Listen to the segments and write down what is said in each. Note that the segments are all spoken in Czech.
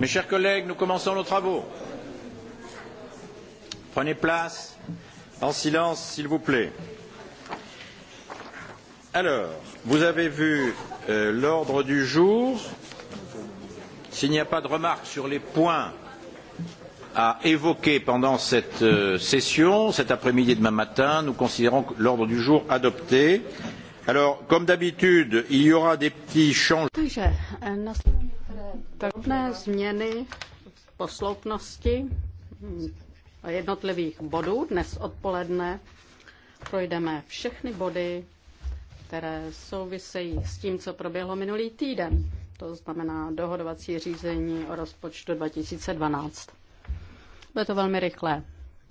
Mes chers collègues, nous commençons nos travaux. Prenez place en silence, s'il vous plaît. Alors, vous avez vu euh, l'ordre du jour. S'il n'y a pas de remarques sur les points à évoquer pendant cette euh, session, cet après-midi et demain matin, nous considérons l'ordre du jour adopté. Alors, comme d'habitude, il y aura des petits changements. Euh, Podobné změny posloupnosti jednotlivých bodů dnes odpoledne projdeme všechny body, které souvisejí s tím, co proběhlo minulý týden. To znamená dohodovací řízení o rozpočtu 2012. Bude to velmi rychlé,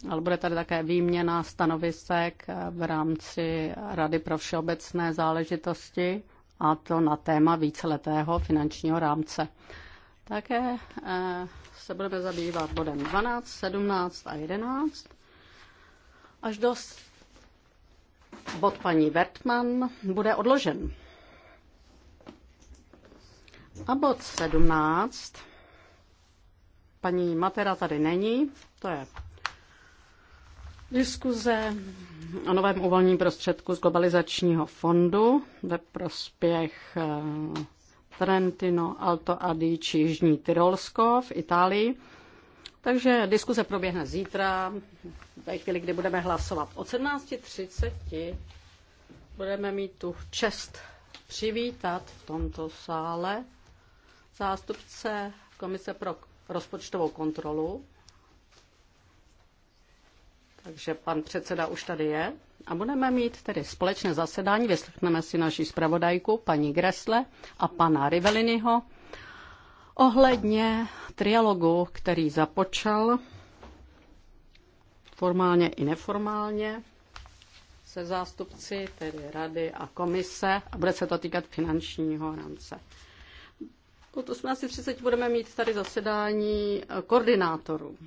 ale bude tady také výměna stanovisek v rámci Rady pro všeobecné záležitosti a to na téma víceletého finančního rámce. Také eh, se budeme zabývat bodem 12, 17 a 11. Až dost bod paní Wertmann bude odložen. A bod 17. Paní Matera tady není, to je diskuze o novém uvolním prostředku z globalizačního fondu ve prospěch eh, Trentino, Alto Adige, Jižní Tyrolsko v Itálii. Takže diskuse proběhne zítra, ve chvíli, kdy budeme hlasovat. O 17.30 budeme mít tu čest přivítat v tomto sále zástupce Komise pro rozpočtovou kontrolu. Takže pan předseda už tady je a budeme mít tedy společné zasedání. Vyslechneme si naši zpravodajku, paní Gresle a pana Riveliniho ohledně trialogu, který započal formálně i neformálně se zástupci, tedy rady a komise a bude se to týkat finančního rámce. Od 18.30 budeme mít tady zasedání koordinátorů.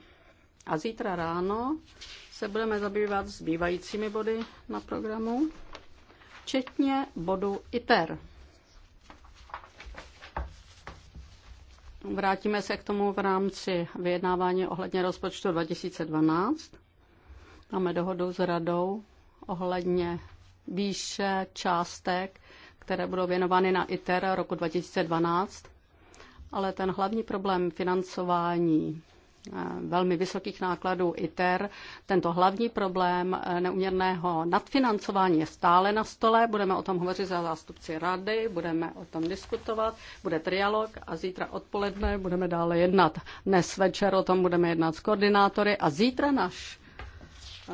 A zítra ráno se budeme zabývat zbývajícími body na programu, včetně bodu ITER. Vrátíme se k tomu v rámci vyjednávání ohledně rozpočtu 2012. Máme dohodu s radou ohledně výše částek, které budou věnovány na ITER roku 2012. Ale ten hlavní problém financování Eh, velmi vysokých nákladů ITER. Tento hlavní problém eh, neuměrného nadfinancování je stále na stole. Budeme o tom hovořit za zástupci rady, budeme o tom diskutovat, bude trialog a zítra odpoledne budeme dále jednat. Dnes večer o tom budeme jednat s koordinátory a zítra náš eh,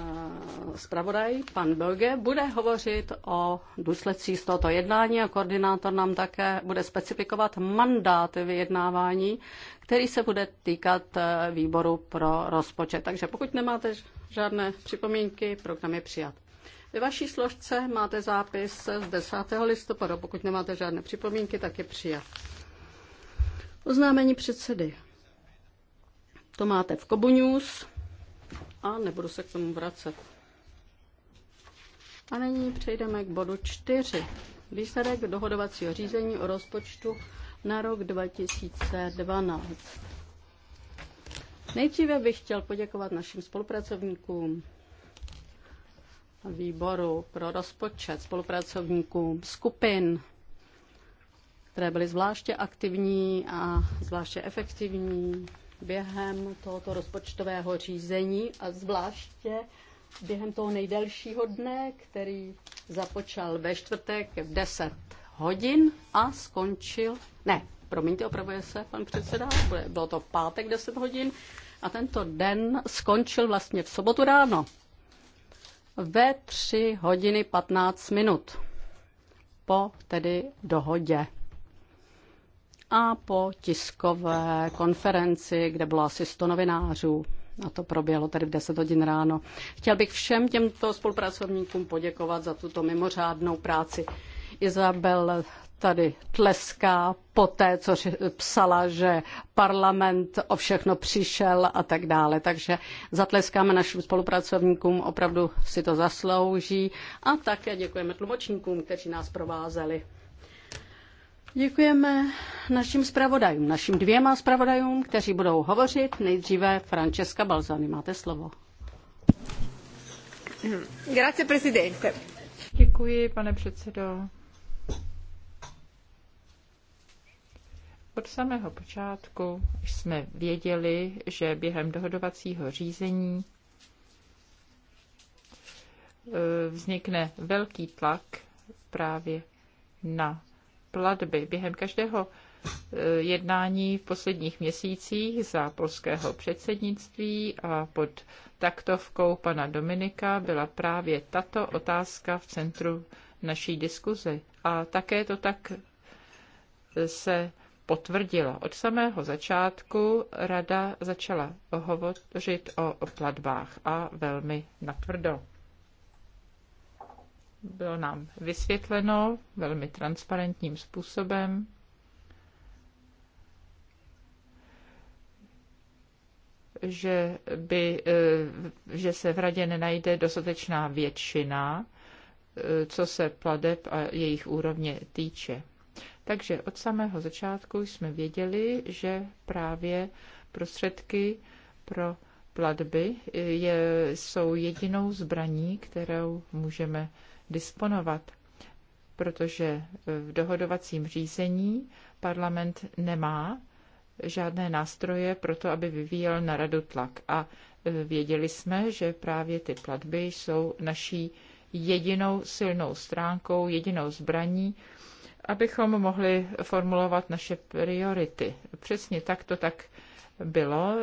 zpravodaj, pan Belge, bude hovořit o důsledcích z tohoto jednání a koordinátor nám také bude specifikovat mandát vyjednávání, který se bude týkat eh, výboru pro rozpočet. Takže pokud nemáte žádné připomínky, program je přijat. Ve vaší složce máte zápis z 10. listopadu. Pokud nemáte žádné připomínky, tak je přijat. Oznámení předsedy. To máte v Kobu News a nebudu se k tomu vracet. A nyní přejdeme k bodu 4. Výsledek dohodovacího řízení o rozpočtu na rok 2012. Nejdříve bych chtěl poděkovat našim spolupracovníkům výboru pro rozpočet, spolupracovníkům skupin, které byly zvláště aktivní a zvláště efektivní během tohoto rozpočtového řízení a zvláště během toho nejdelšího dne, který započal ve čtvrtek v 10 hodin a skončil, ne, promiňte, opravuje se pan předseda, bylo to pátek 10 hodin a tento den skončil vlastně v sobotu ráno ve 3 hodiny 15 minut po tedy dohodě a po tiskové konferenci, kde bylo asi 100 novinářů. A to proběhlo tady v 10 hodin ráno. Chtěl bych všem těmto spolupracovníkům poděkovat za tuto mimořádnou práci. Izabel tady tleská po té, co psala, že parlament o všechno přišel a tak dále. Takže zatleskáme našim spolupracovníkům, opravdu si to zaslouží. A také děkujeme tlumočníkům, kteří nás provázeli. Děkujeme našim zpravodajům, našim dvěma zpravodajům, kteří budou hovořit. Nejdříve Francesca Balzani, máte slovo. Grazie, presidente. Děkuji, pane předsedo. Od samého počátku jsme věděli, že během dohodovacího řízení e, vznikne velký tlak právě na platby. Během každého e, jednání v posledních měsících za polského předsednictví a pod taktovkou pana Dominika byla právě tato otázka v centru naší diskuze. A také to tak se potvrdila. Od samého začátku rada začala hovořit o platbách a velmi natvrdo. Bylo nám vysvětleno velmi transparentním způsobem, že, by, eh, že se v radě nenajde dostatečná většina, eh, co se pladeb a jejich úrovně týče. Takže od samého začátku jsme věděli, že právě prostředky pro platby je, jsou jedinou zbraní, kterou můžeme disponovat, protože v dohodovacím řízení parlament nemá žádné nástroje pro to, aby vyvíjel na radu tlak. A e, věděli jsme, že právě ty platby jsou naší jedinou silnou stránkou, jedinou zbraní, abychom mohli formulovat naše priority. Přesně tak to tak bylo.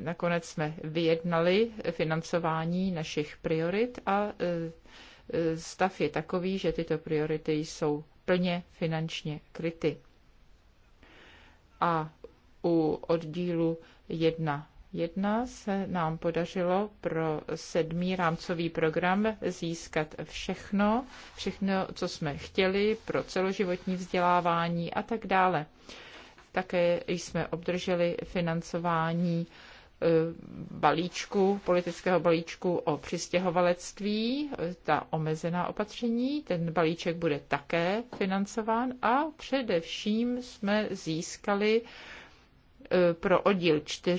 Nakonec jsme vyjednali financování našich priorit a e, e, stav je takový, že tyto priority jsou plně finančně kryty. A u oddílu 1 1 se nám podařilo pro sedmý rámcový program získat všechno, všechno, co jsme chtěli pro celoživotní vzdělávání a tak dále. Také jsme obdrželi financování e, balíčku, politického balíčku o přistěhovalectví, e, ta omezená opatření. Ten balíček bude také financován a především jsme získali E, pro oddíl 4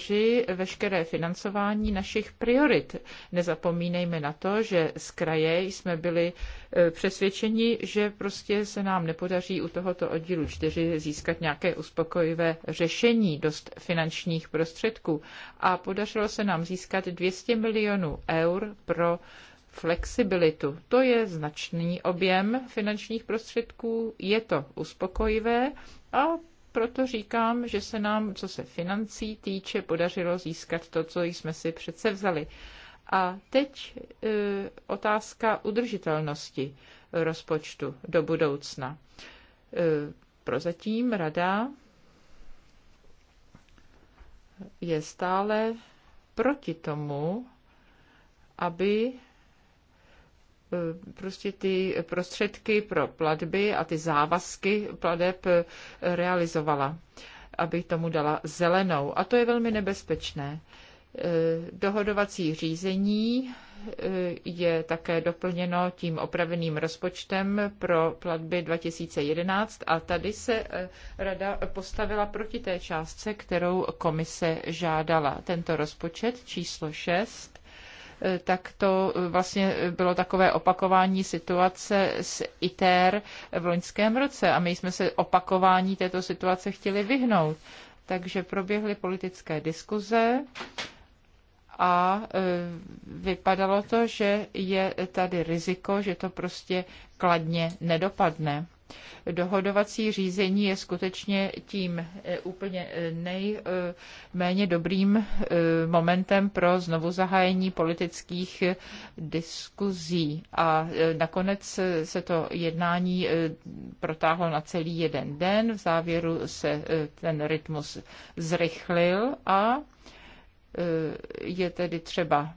veškeré financování našich priorit. Nezapomínejme na to, že z kraje jsme byli e, přesvědčeni, že prostě se nám nepodaří u tohoto oddílu 4 získat nějaké uspokojivé řešení dost finančních prostředků. A podařilo se nám získat 200 milionů eur pro flexibilitu. To je značný objem finančních prostředků, je to uspokojivé a proto říkám, že se nám, co se financí týče, podařilo získat to, co jsme si přece vzali. A teď e, otázka udržitelnosti rozpočtu do budoucna. E, prozatím rada je stále proti tomu, aby E, prostě ty prostředky pro platby a ty závazky pladeb e, realizovala, aby tomu dala zelenou. A to je velmi nebezpečné. E, dohodovací řízení je také doplněno tím opraveným rozpočtem pro platby 2011 a tady se rada postavila proti té částce, kterou komise žádala. Tento rozpočet číslo 6 tak to eh, vlastně eh, bylo takové opakování situace s ITER v loňském roce a my jsme se opakování této situace chtěli vyhnout. Takže proběhly politické diskuze a eh, vypadalo to, že je tady riziko, že to prostě kladně nedopadne. Dohodovací řízení je skutečně tím eh, úplně eh, nejméně dobrým eh, momentem pro znovu zahájení politických diskuzí. A nakonec se to jednání protáhlo na celý jeden den. V závěru se ten rytmus zrychlil a je tedy třeba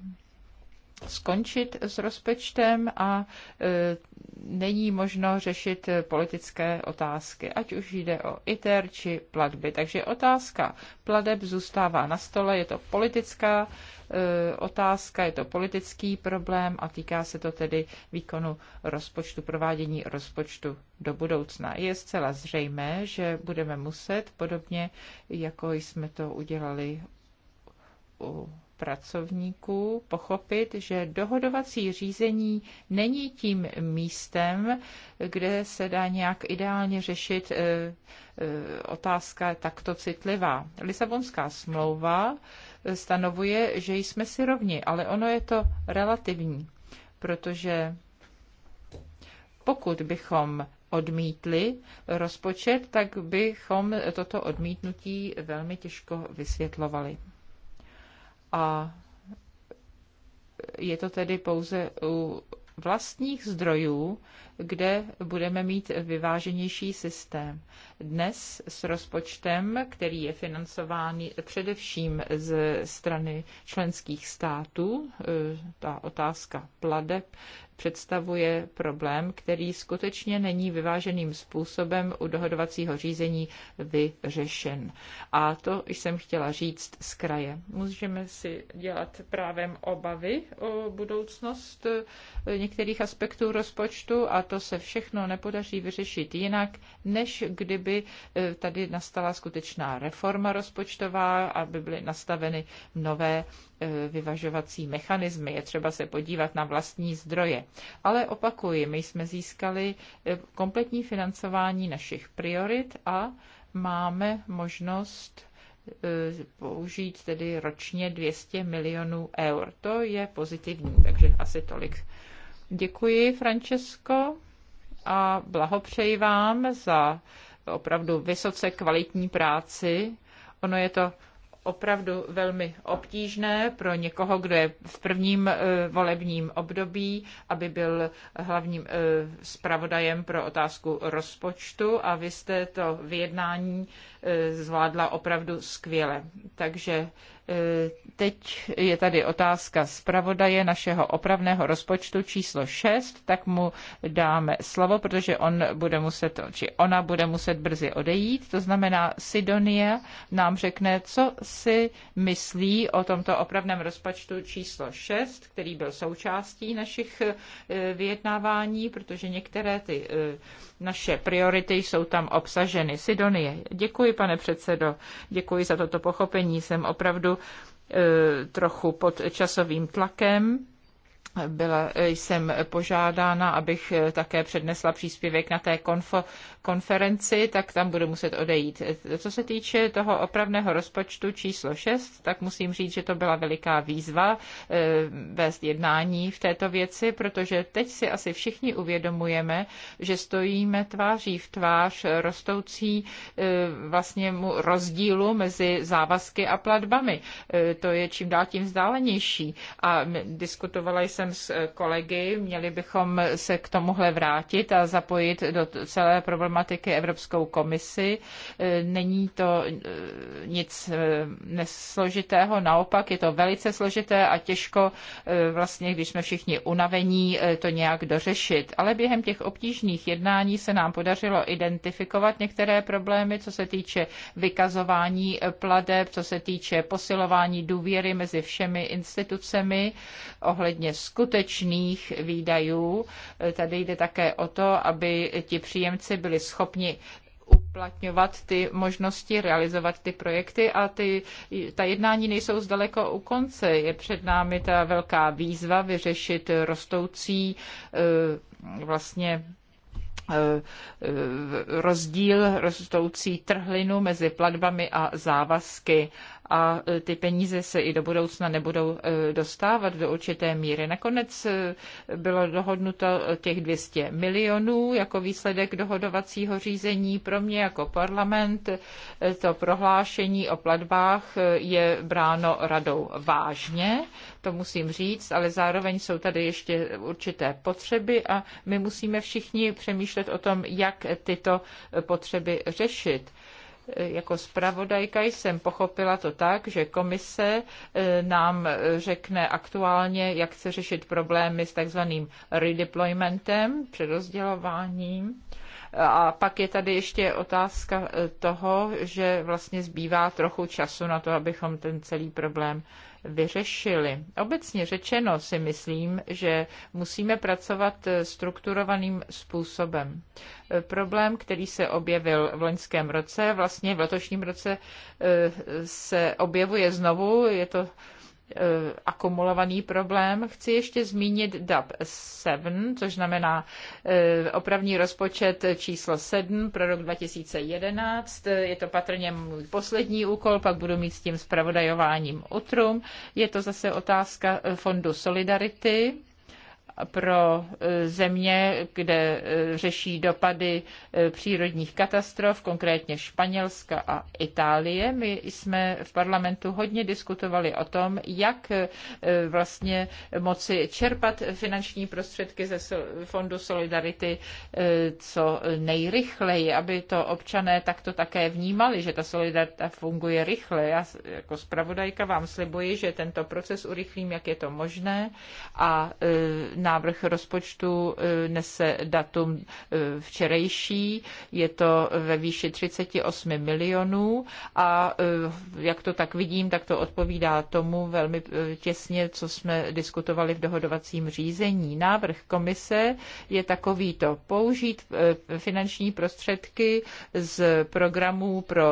skončit s rozpočtem a e, není možno řešit politické otázky, ať už jde o ITER či platby. Takže otázka pladeb zůstává na stole, je to politická e, otázka, je to politický problém a týká se to tedy výkonu rozpočtu, provádění rozpočtu do budoucna. Je zcela zřejmé, že budeme muset, podobně jako jsme to udělali u pracovníků pochopit, že dohodovací řízení není tím místem, kde se dá nějak ideálně řešit eh, eh, otázka takto citlivá. Lisabonská smlouva eh, stanovuje, že jsme si rovni, ale ono je to relativní, protože pokud bychom odmítli rozpočet, tak bychom toto odmítnutí velmi těžko vysvětlovali a je to tedy pouze u vlastních zdrojů, kde budeme mít vyváženější systém. Dnes s rozpočtem, který je financován především ze strany členských států, e, ta otázka pladeb představuje problém, který skutečně není vyváženým způsobem u dohodovacího řízení vyřešen. A to jsem chtěla říct z kraje. Můžeme si dělat právem obavy o budoucnost eh, některých aspektů rozpočtu a to se všechno nepodaří vyřešit jinak, než kdyby eh, tady nastala skutečná reforma rozpočtová, aby byly nastaveny nové eh, vyvažovací mechanismy. Je třeba se podívat na vlastní zdroje. Ale opakuji, my jsme získali eh, kompletní financování našich priorit a máme možnost eh, použít tedy ročně 200 milionů eur. To je pozitivní, takže asi tolik. Děkuji, Francesco, a blahopřeji vám za opravdu vysoce kvalitní práci. Ono je to opravdu velmi obtížné pro někoho, kdo je v prvním eh, volebním období, aby byl hlavním eh, zpravodajem pro otázku rozpočtu a vy jste to vyjednání eh, zvládla opravdu skvěle. Takže Teď je tady otázka zpravodaje našeho opravného rozpočtu číslo 6, tak mu dáme slovo, protože on bude muset, či ona bude muset brzy odejít. To znamená, Sidonie nám řekne, co si myslí o tomto opravném rozpočtu číslo 6, který byl součástí našich eh, vyjednávání, protože některé ty eh, naše priority jsou tam obsaženy. Sidonie, děkuji, pane předsedo, děkuji za toto pochopení. Jsem opravdu trochu pod časovým tlakem byla jsem požádána, abych eh, také přednesla příspěvek na té konf- konferenci, tak tam budu muset odejít. Co se týče toho opravného rozpočtu číslo 6, tak musím říct, že to byla veliká výzva eh, vést jednání v této věci, protože teď si asi všichni uvědomujeme, že stojíme tváří v tvář rostoucí eh, vlastně rozdílu mezi závazky a platbami. To je čím dál tím vzdálenější. A diskutovala jsem problém s eh, kolegy. Měli bychom se k tomuhle vrátit a zapojit do celé problematiky Evropskou komisi. Eh, není to eh, nic nesložitého, naopak je to velice složité a těžko vlastně, když jsme všichni unavení, to nějak dořešit. Ale během těch obtížných jednání se nám podařilo identifikovat některé problémy, co se týče vykazování pladeb, co se týče posilování důvěry mezi všemi institucemi ohledně skutečných výdajů. Tady jde také o to, aby ti příjemci byli schopni uplatňovat ty možnosti, realizovat ty projekty a ty, ta jednání nejsou zdaleko u konce. Je před námi ta velká výzva vyřešit rostoucí eh, vlastně eh, rozdíl, rostoucí trhlinu mezi platbami a závazky a e, ty peníze se i do budoucna nebudou e, dostávat do určité míry. Nakonec e, bylo dohodnuto těch 200 milionů jako výsledek dohodovacího řízení. Pro mě jako parlament to prohlášení o platbách je bráno radou vážně, to musím říct, ale zároveň jsou tady ještě určité potřeby a my musíme všichni přemýšlet o tom, jak tyto potřeby řešit. Jako zpravodajka jsem pochopila to tak, že komise eh, nám eh, řekne aktuálně, jak chce řešit problémy s takzvaným redeploymentem, přerozdělováním a pak je tady ještě otázka eh, toho, že vlastně zbývá trochu času na to, abychom ten celý problém vyřešili. Obecně řečeno si myslím, že musíme pracovat eh, strukturovaným způsobem. Eh, problém, který se objevil v loňském roce, vlastně v letošním roce se objevuje znovu, je to Eh, akumulovaný problém. Chci ještě zmínit DAP 7, což znamená eh, opravní rozpočet číslo 7 pro rok 2011. Je to patrně můj poslední úkol, pak budu mít s tím zpravodajováním utrum. Je to zase otázka eh, Fondu Solidarity pro e, země, kde e, řeší dopady e, přírodních katastrof, konkrétně Španělska a Itálie. My jsme v parlamentu hodně diskutovali o tom, jak vlastně moci čerpat finanční prostředky ze Fondu Solidarity co nejrychleji, aby to občané takto také vnímali, že ta solidarita funguje rychle. Já jako zpravodajka vám slibuji, že tento proces urychlím, jak je to možné a na návrh rozpočtu eh, nese datum eh, včerejší, je to ve výši 38 milionů a eh, jak to tak vidím, tak to odpovídá tomu velmi těsně, co jsme diskutovali v dohodovacím řízení. Návrh komise je takovýto použít finanční prostředky z programů pro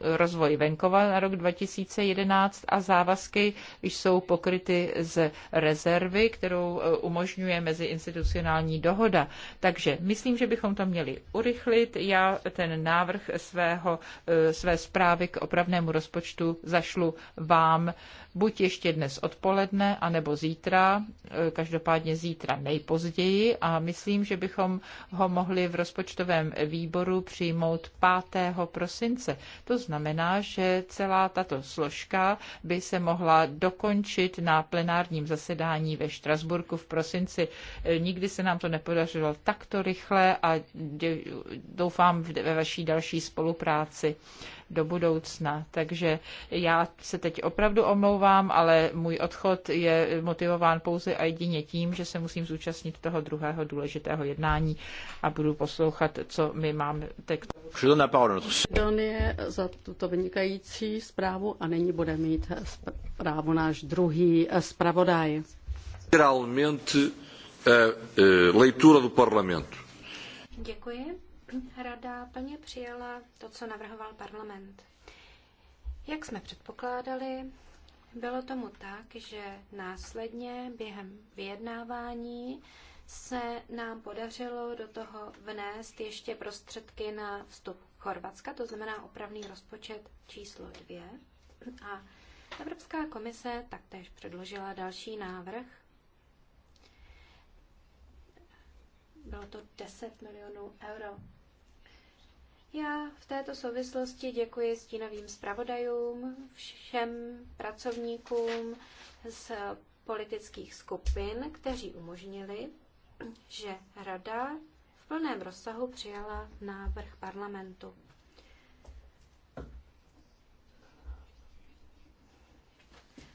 rozvoj venkova na rok 2011 a závazky jsou pokryty z rezervy, kterou umožňuje umožňuje meziinstitucionální dohoda. Takže myslím, že bychom to měli urychlit. Já ten návrh svého, eh, své zprávy k opravnému rozpočtu zašlu vám buď ještě dnes odpoledne, anebo zítra, eh, každopádně zítra nejpozději a myslím, že bychom ho mohli v rozpočtovém výboru přijmout 5. prosince. To znamená, že celá tato složka by se mohla dokončit na plenárním zasedání ve Štrasburku v prosinci konkurenci. Eh, nikdy se nám to nepodařilo takto rychle a doufám ve vaší další spolupráci do budoucna. Takže já se teď opravdu omlouvám, ale můj odchod je motivován pouze a jedině tím, že se musím zúčastnit toho druhého důležitého jednání a budu poslouchat, co my máme teď. tomu. za tuto vynikající zprávu a nyní bude mít právo náš druhý eh, zpravodaj a leitura do Děkuji. Rada plně přijala to, co navrhoval parlament. Jak jsme předpokládali, bylo tomu tak, že následně během vyjednávání se nám podařilo do toho vnést ještě prostředky na vstup Chorvatska, to znamená opravný rozpočet číslo dvě. A Evropská komise taktéž předložila další návrh, Bylo to 10 milionů euro. Já v této souvislosti děkuji stínovým zpravodajům, všem pracovníkům z politických skupin, kteří umožnili, že Rada v plném rozsahu přijala návrh parlamentu.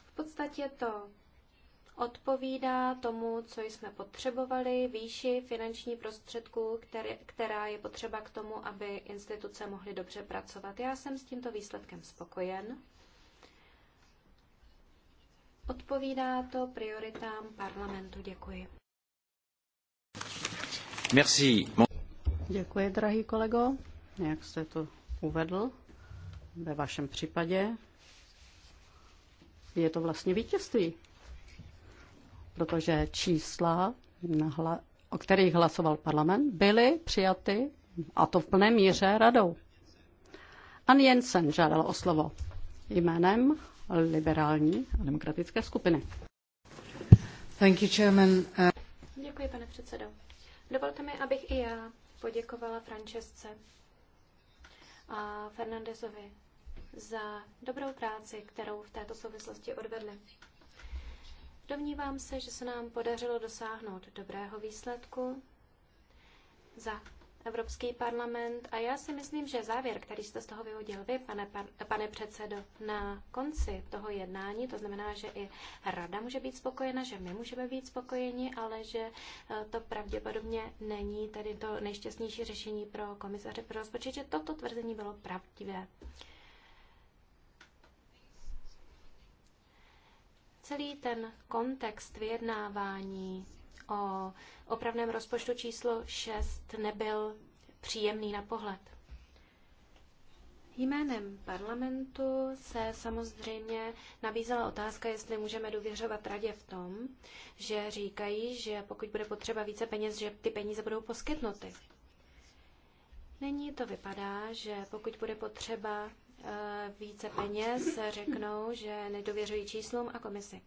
V podstatě to odpovídá tomu, co jsme potřebovali, výši finanční prostředků, která je potřeba k tomu, aby instituce mohly dobře pracovat. Já jsem s tímto výsledkem spokojen. Odpovídá to prioritám parlamentu. Děkuji. Merci. Děkuji, drahý kolego. Jak jste to uvedl ve vašem případě? Je to vlastně vítězství protože čísla, o kterých hlasoval parlament, byly přijaty, a to v plné míře, radou. Ann Jensen žádal o slovo jménem liberální a demokratické skupiny. Thank you, Chairman. Děkuji, pane předsedo. Dovolte mi, abych i já poděkovala Francesce a Fernandezovi za dobrou práci, kterou v této souvislosti odvedli. Domnívám se, že se nám podařilo dosáhnout dobrého výsledku za Evropský parlament a já si myslím, že závěr, který jste z toho vyhodil vy, pane, pane předsedo, na konci toho jednání, to znamená, že i rada může být spokojena, že my můžeme být spokojeni, ale že eh, to pravděpodobně není tedy to nejšťastnější řešení pro komisaře pro rozpočet, že toto tvrzení bylo pravdivé. Celý ten kontext vyjednávání o opravném rozpočtu číslo 6 nebyl příjemný na pohled. Jménem parlamentu se samozřejmě nabízela otázka, jestli můžeme důvěřovat radě v tom, že říkají, že pokud bude potřeba více peněz, že ty peníze budou poskytnuty. Nyní to vypadá, že pokud bude potřeba Eh, více peněz, řeknou, že nedověřují číslům a komisi.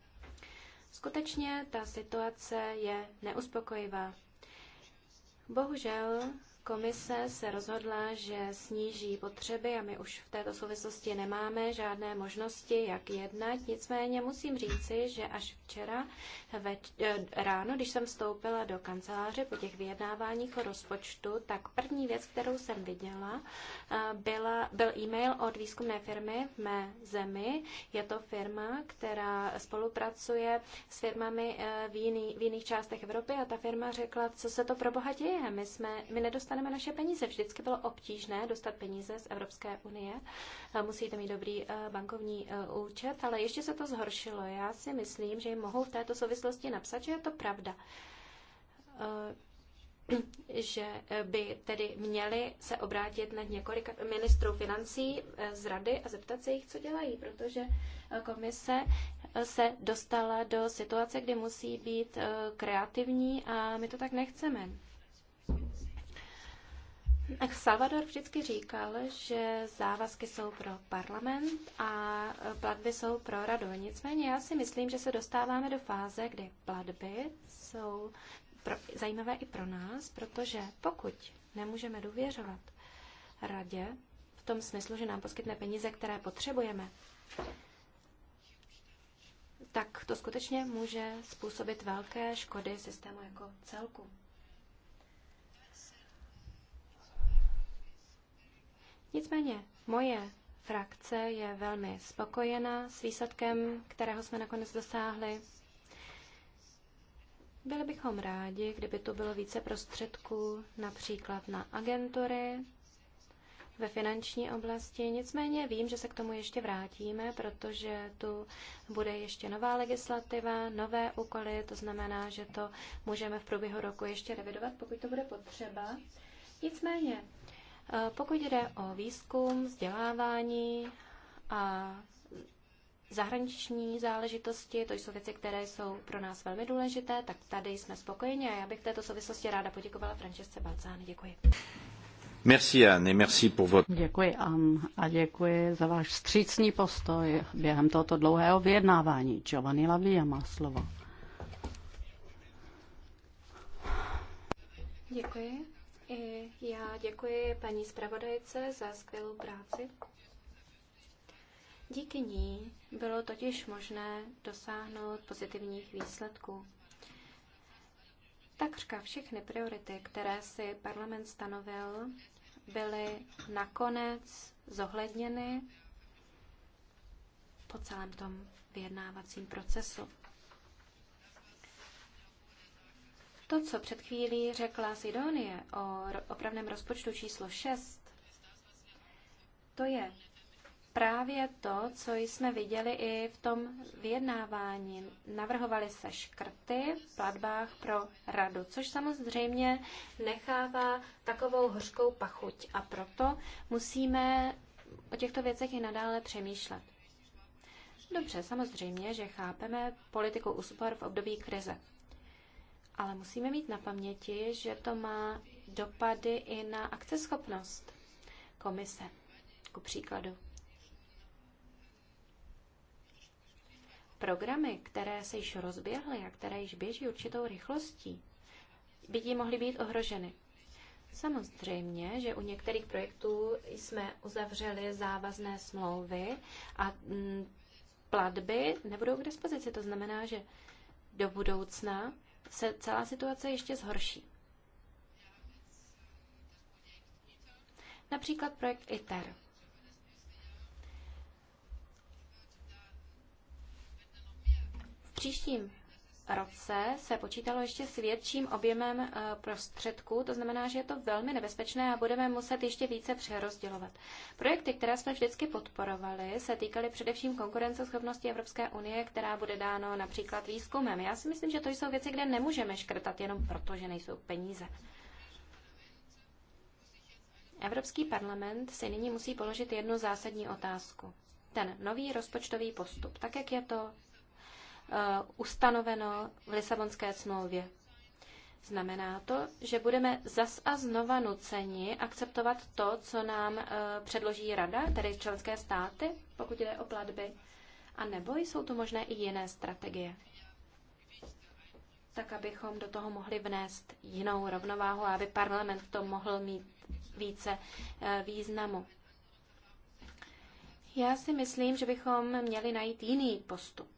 Skutečně ta situace je neuspokojivá. Bohužel Komise se rozhodla, že sníží potřeby a my už v této souvislosti nemáme žádné možnosti, jak jednat. Nicméně musím říci, že až včera več- eh, ráno, když jsem vstoupila do kanceláře po těch vyjednáváních o rozpočtu, tak první věc, kterou jsem viděla, eh, byla, byl e-mail od výzkumné firmy v mé zemi. Je to firma, která spolupracuje s firmami eh, v, jiný, v jiných částech Evropy a ta firma řekla, co se to pro boha děje. My, jsme, my nedostaneme dostaneme naše peníze. Vždycky bylo obtížné dostat peníze z Evropské unie. Eh, musíte mít dobrý eh, bankovní eh, účet, ale ještě se to zhoršilo. Já si myslím, že jim mohou v této souvislosti napsat, že je to pravda že by tedy měli se obrátit na několik ministrů financí z rady a zeptat se jich, co dělají, protože komise se dostala do situace, kdy musí být kreativní a my to tak nechceme. Salvador vždycky říkal, že závazky jsou pro parlament a platby jsou pro radu. Nicméně já si myslím, že se dostáváme do fáze, kdy platby jsou pro, zajímavé i pro nás, protože pokud nemůžeme důvěřovat radě v tom smyslu, že nám poskytne peníze, které potřebujeme, tak to skutečně může způsobit velké škody systému jako celku. Nicméně moje frakce je velmi spokojena s výsledkem, kterého jsme nakonec dosáhli. Byli bychom rádi, kdyby tu bylo více prostředků, například na agentury ve finanční oblasti. Nicméně vím, že se k tomu ještě vrátíme, protože tu bude ještě nová legislativa, nové úkoly, to znamená, že to můžeme v průběhu roku ještě revidovat, pokud to bude potřeba. Nicméně Eh, pokud jde o výzkum, vzdělávání a zahraniční záležitosti, to jsou věci, které jsou pro nás velmi důležité, tak tady jsme spokojeni a já bych v této souvislosti ráda poděkovala Francesce Balcán. Děkuji. Merci Anne, merci pour votre... Děkuji Anne a děkuji za váš střícný postoj během tohoto dlouhého vyjednávání. Giovanni Lavia má slovo. Děkuji. I já děkuji paní zpravodajce za skvělou práci. Díky ní bylo totiž možné dosáhnout pozitivních výsledků. Takřka všechny priority, které si parlament stanovil, byly nakonec zohledněny po celém tom vyjednávacím procesu. To, co před chvílí řekla Sidonie o opravném rozpočtu číslo 6, to je právě to, co jsme viděli i v tom vyjednávání. Navrhovali se škrty v platbách pro radu, což samozřejmě nechává takovou hořkou pachuť a proto musíme o těchto věcech i nadále přemýšlet. Dobře, samozřejmě, že chápeme politiku úspor v období krize. Ale musíme mít na paměti, že to má dopady i na akceschopnost komise, ku příkladu. Programy, které se již rozběhly a které již běží určitou rychlostí, by tím mohly být ohroženy. Samozřejmě, že u některých projektů jsme uzavřeli závazné smlouvy a mm, platby nebudou k dispozici. To znamená, že do budoucna se celá situace ještě zhorší. Například projekt ITER. V příštím roce se počítalo ještě s větším objemem eh, prostředků, to znamená, že je to velmi nebezpečné a budeme muset ještě více přerozdělovat. Projekty, které jsme vždycky podporovali, se týkaly především konkurenceschopnosti Evropské unie, která bude dáno například výzkumem. Já si myslím, že to jsou věci, kde nemůžeme škrtat jenom proto, že nejsou peníze. Evropský parlament si nyní musí položit jednu zásadní otázku. Ten nový rozpočtový postup, tak jak je to Eh, ustanoveno v Lisabonské smlouvě. Znamená to, že budeme zas a znova nuceni akceptovat to, co nám eh, předloží Rada, tedy členské státy, pokud jde o platby, a nebo jsou tu možné i jiné strategie tak abychom do toho mohli vnést jinou rovnováhu a aby parlament to mohl mít více eh, významu. Já si myslím, že bychom měli najít jiný postup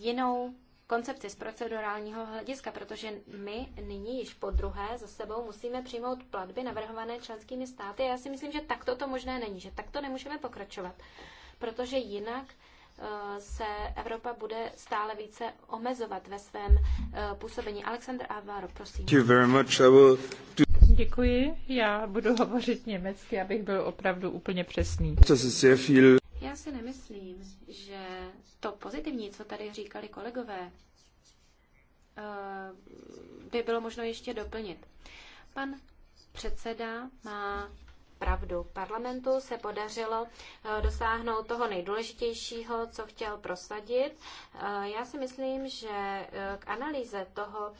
jinou koncepci z procedurálního hlediska, protože my nyní již po druhé za sebou musíme přijmout platby navrhované členskými státy. Já si myslím, že takto to možné není, že takto nemůžeme pokračovat, protože jinak eh, se Evropa bude stále více omezovat ve svém eh, působení. Alexander Avaro, prosím. Děkuji, já budu hovořit německy, abych byl opravdu úplně přesný. Já si nemyslím, že to pozitivní, co tady říkali kolegové, eh, by bylo možno ještě doplnit. Pan předseda má pravdu. Parlamentu se podařilo eh, dosáhnout toho nejdůležitějšího, co chtěl prosadit. Eh, já si myslím, že k analýze toho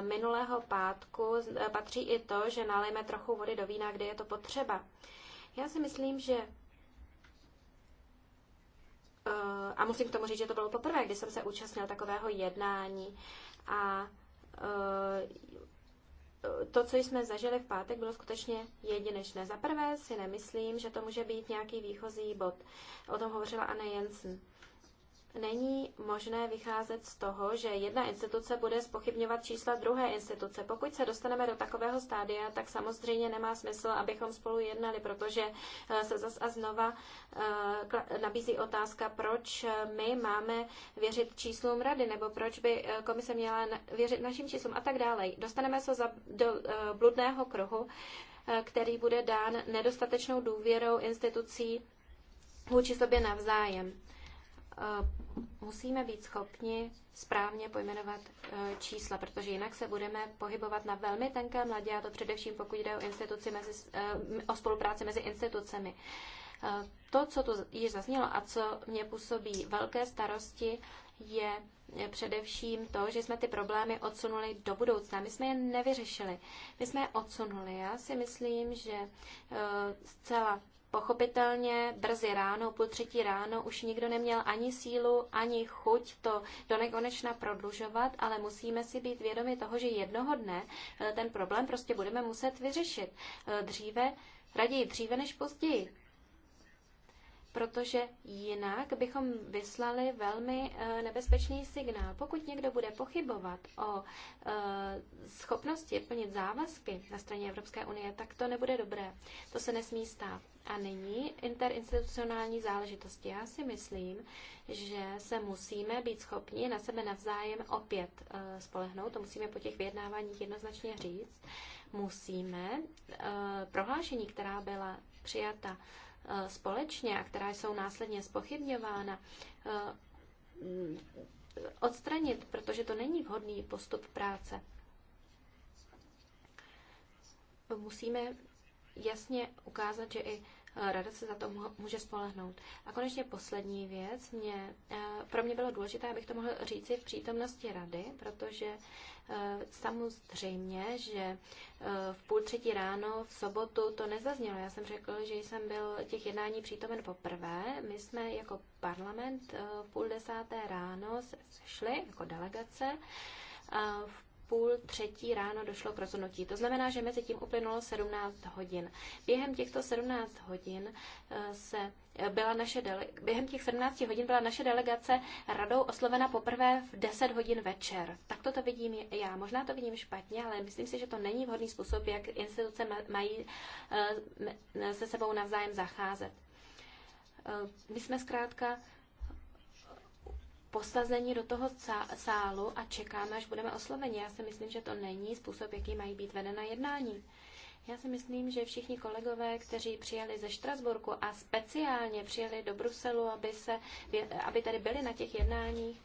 minulého pátku patří i to, že nalijeme trochu vody do vína, kde je to potřeba. Já si myslím, že Eh, a musím k tomu říct, že to bylo poprvé, kdy jsem se účastnil takového jednání a eh, to, co jsme zažili v pátek, bylo skutečně jedinečné. Za prvé si nemyslím, že to může být nějaký výchozí bod. O tom hovořila Anne Jensen není možné vycházet z toho, že jedna instituce bude spochybňovat čísla druhé instituce. Pokud se dostaneme do takového stádia, tak samozřejmě nemá smysl, abychom spolu jednali, protože eh, se zas a znova eh, nabízí otázka, proč eh, my máme věřit číslům rady, nebo proč by komise měla věřit našim číslům a tak dále. Dostaneme se do bludného kruhu, který bude dán nedostatečnou důvěrou institucí vůči sobě navzájem. Eh, musíme být schopni správně pojmenovat eh, čísla, protože jinak se budeme pohybovat na velmi tenké mladě, a to především pokud jde o, instituci mezi, eh, o spolupráci mezi institucemi. To, co tu již zaznělo a co mě působí velké starosti, je především to, že jsme ty problémy odsunuli do budoucna. My jsme je nevyřešili. My jsme je odsunuli. Já si myslím, že zcela pochopitelně brzy ráno, půl třetí ráno, už nikdo neměl ani sílu, ani chuť to do nekonečna prodlužovat, ale musíme si být vědomi toho, že jednoho dne eh, ten problém prostě budeme muset vyřešit. Eh, dříve, raději dříve než později protože jinak bychom vyslali velmi eh, nebezpečný signál. Pokud někdo bude pochybovat o eh, schopnosti plnit závazky na straně Evropské unie, tak to nebude dobré. To se nesmí stát. A nyní interinstitucionální záležitosti. Já si myslím, že se musíme být schopni na sebe navzájem opět eh, spolehnout. To musíme po těch vyjednáváních jednoznačně říct. Musíme prohlášení, která byla přijata Eh, společně a která jsou následně spochybňována, eh, odstranit, protože to není vhodný postup práce. Musíme jasně ukázat, že i Rada se za to může spolehnout. A konečně poslední věc. Mě, eh, pro mě bylo důležité, abych to mohl říci v přítomnosti rady, protože eh, samozřejmě, že eh, v půl třetí ráno v sobotu to nezaznělo. Já jsem řekl, že jsem byl těch jednání přítomen poprvé. My jsme jako parlament v půl desáté ráno se sešli jako delegace v půl třetí ráno došlo k rozhodnutí. To znamená, že mezi tím uplynulo 17 hodin. Během těchto 17 hodin eh, se eh, byla naše dele- během těch 17 hodin byla naše delegace radou oslovena poprvé v 10 hodin večer. Tak to vidím já. Možná to vidím špatně, ale myslím si, že to není vhodný způsob, jak instituce mají eh, se sebou navzájem zacházet. My jsme zkrátka posazeni do toho sálu a čekáme, až budeme osloveni. Já si myslím, že to není způsob, jaký mají být vedena jednání. Já si myslím, že všichni kolegové, kteří přijeli ze Štrasburku a speciálně přijeli do Bruselu, aby, se, aby tady byli na těch jednáních,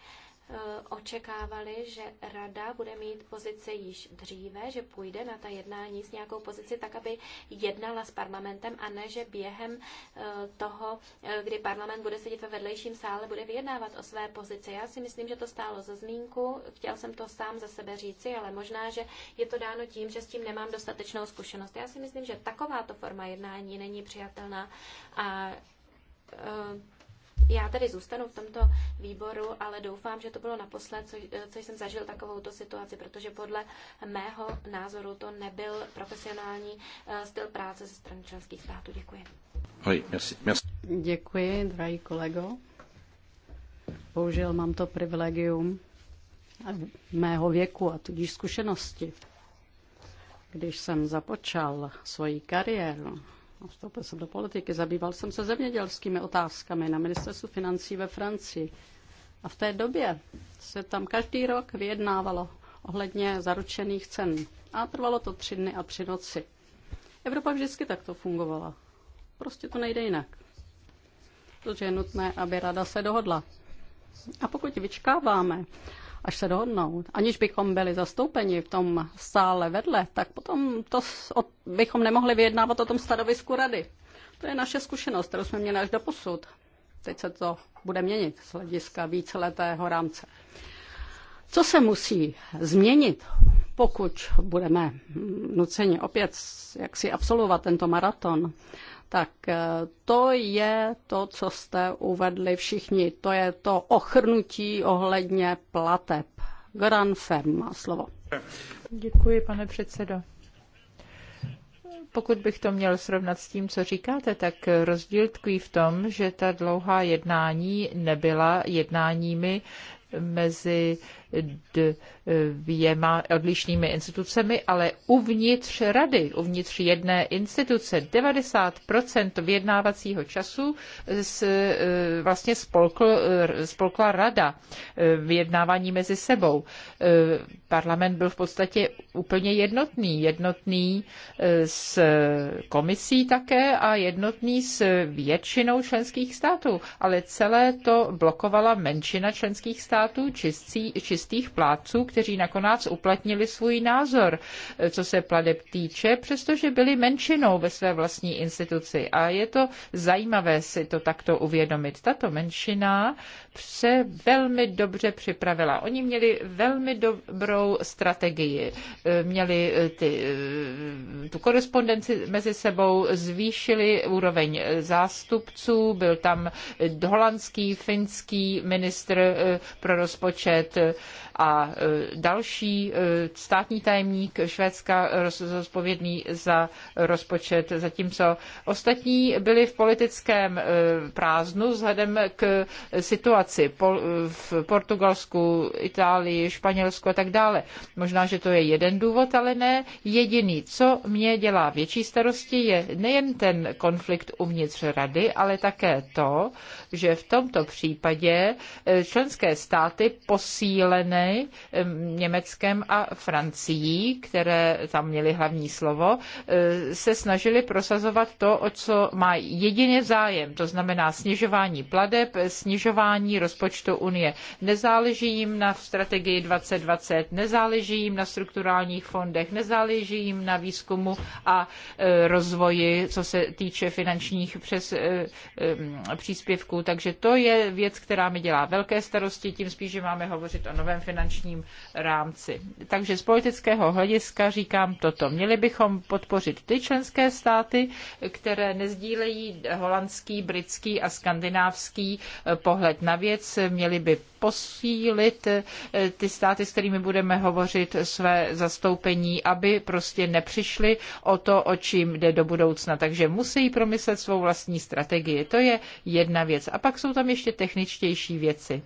Eh, očekávali, že rada bude mít pozici již dříve, že půjde na ta jednání s nějakou pozici tak, aby jednala s parlamentem a ne, že během eh, toho, eh, kdy parlament bude sedět ve vedlejším sále, bude vyjednávat o své pozici. Já si myslím, že to stálo za zmínku, chtěl jsem to sám za sebe říci, ale možná, že je to dáno tím, že s tím nemám dostatečnou zkušenost. Já si myslím, že takováto forma jednání není přijatelná a já tady zůstanu v tomto výboru, ale doufám, že to bylo naposled, co, co jsem zažil to situaci, protože podle mého názoru to nebyl profesionální eh, styl práce ze strany členských států. Děkuji. merci, merci. Děkuji, drahý kolego. Bohužel mám to privilegium mého věku a tudíž zkušenosti. Když jsem započal svoji kariéru Vstoupil jsem do politiky, zabýval jsem se zemědělskými otázkami na ministerstvu financí ve Francii. A v té době se tam každý rok vyjednávalo ohledně zaručených cen. A trvalo to tři dny a tři noci. Evropa vždycky takto fungovala. Prostě to nejde jinak. Protože je nutné, aby rada se dohodla. A pokud vyčkáváme až se dohodnou, aniž bychom byli zastoupeni v tom sále vedle, tak potom to bychom nemohli vyjednávat o tom stanovisku rady. To je naše zkušenost, kterou jsme měli až do posud. Teď se to bude měnit z hlediska víceletého rámce. Co se musí změnit, pokud budeme nuceni opět jaksi absolvovat tento maraton, tak eh, to je to, co jste uvedli všichni. To je to ochrnutí ohledně plateb. Goran má slovo. Děkuji, pane předsedo. Pokud bych to měl srovnat s tím, co říkáte, tak rozdíl tkví v tom, že ta dlouhá jednání nebyla jednáními mezi dvěma odlišnými institucemi, ale uvnitř rady, uvnitř jedné instituce 90% vyjednávacího času s, e, vlastně spolkl, e, spolkla rada e, vyjednávání mezi sebou. Parlament byl v podstatě úplně jednotný, jednotný s komisí také a jednotný s většinou členských států, ale celé to blokovala menšina členských států, čistí, čistí čistých plátců, kteří nakonec uplatnili svůj názor, eh, co se pladeb týče, přestože byli menšinou ve své vlastní instituci. A je to zajímavé si to takto uvědomit. Tato menšina pře velmi dobře připravila. Oni měli velmi dobrou strategii, eh, měli eh, ty, eh, tu korespondenci mezi sebou, zvýšili úroveň zástupců, byl tam holandský, finský ministr pro rozpočet, a další státní tajemník Švédska zodpovědný za rozpočet, zatímco ostatní byli v politickém prázdnu vzhledem k situaci situaci v Portugalsku, Itálii, Španělsku a tak dále. Možná, že to je jeden důvod, ale ne jediný. Co mě dělá větší starosti, je nejen ten konflikt uvnitř rady, ale také to, že v tomto případě eh, členské státy posíleny eh, Německem a Francií, které tam měly hlavní slovo, eh, se snažili prosazovat to, o co má jedině zájem, to znamená snižování pladeb, snižování rozpočtu Unie. Nezáleží jim na strategii 2020, nezáleží jim na strukturálních fondech, nezáleží jim na výzkumu a rozvoji, co se týče finančních přes, příspěvků roku, Takže to je věc, která mi dělá velké starosti, tím spíš, že máme hovořit o novém finančním rámci. Takže z politického hlediska říkám toto. Měli bychom podpořit ty členské státy, které nezdílejí holandský, britský a skandinávský eh, pohled na věc. Měli by posílit eh, ty státy, s kterými budeme hovořit své zastoupení, aby prostě nepřišli o to, o čím jde do budoucna. Takže musí promyslet svou vlastní strategii. To je jedna věc. A pak jsou tam ještě techničtější věci.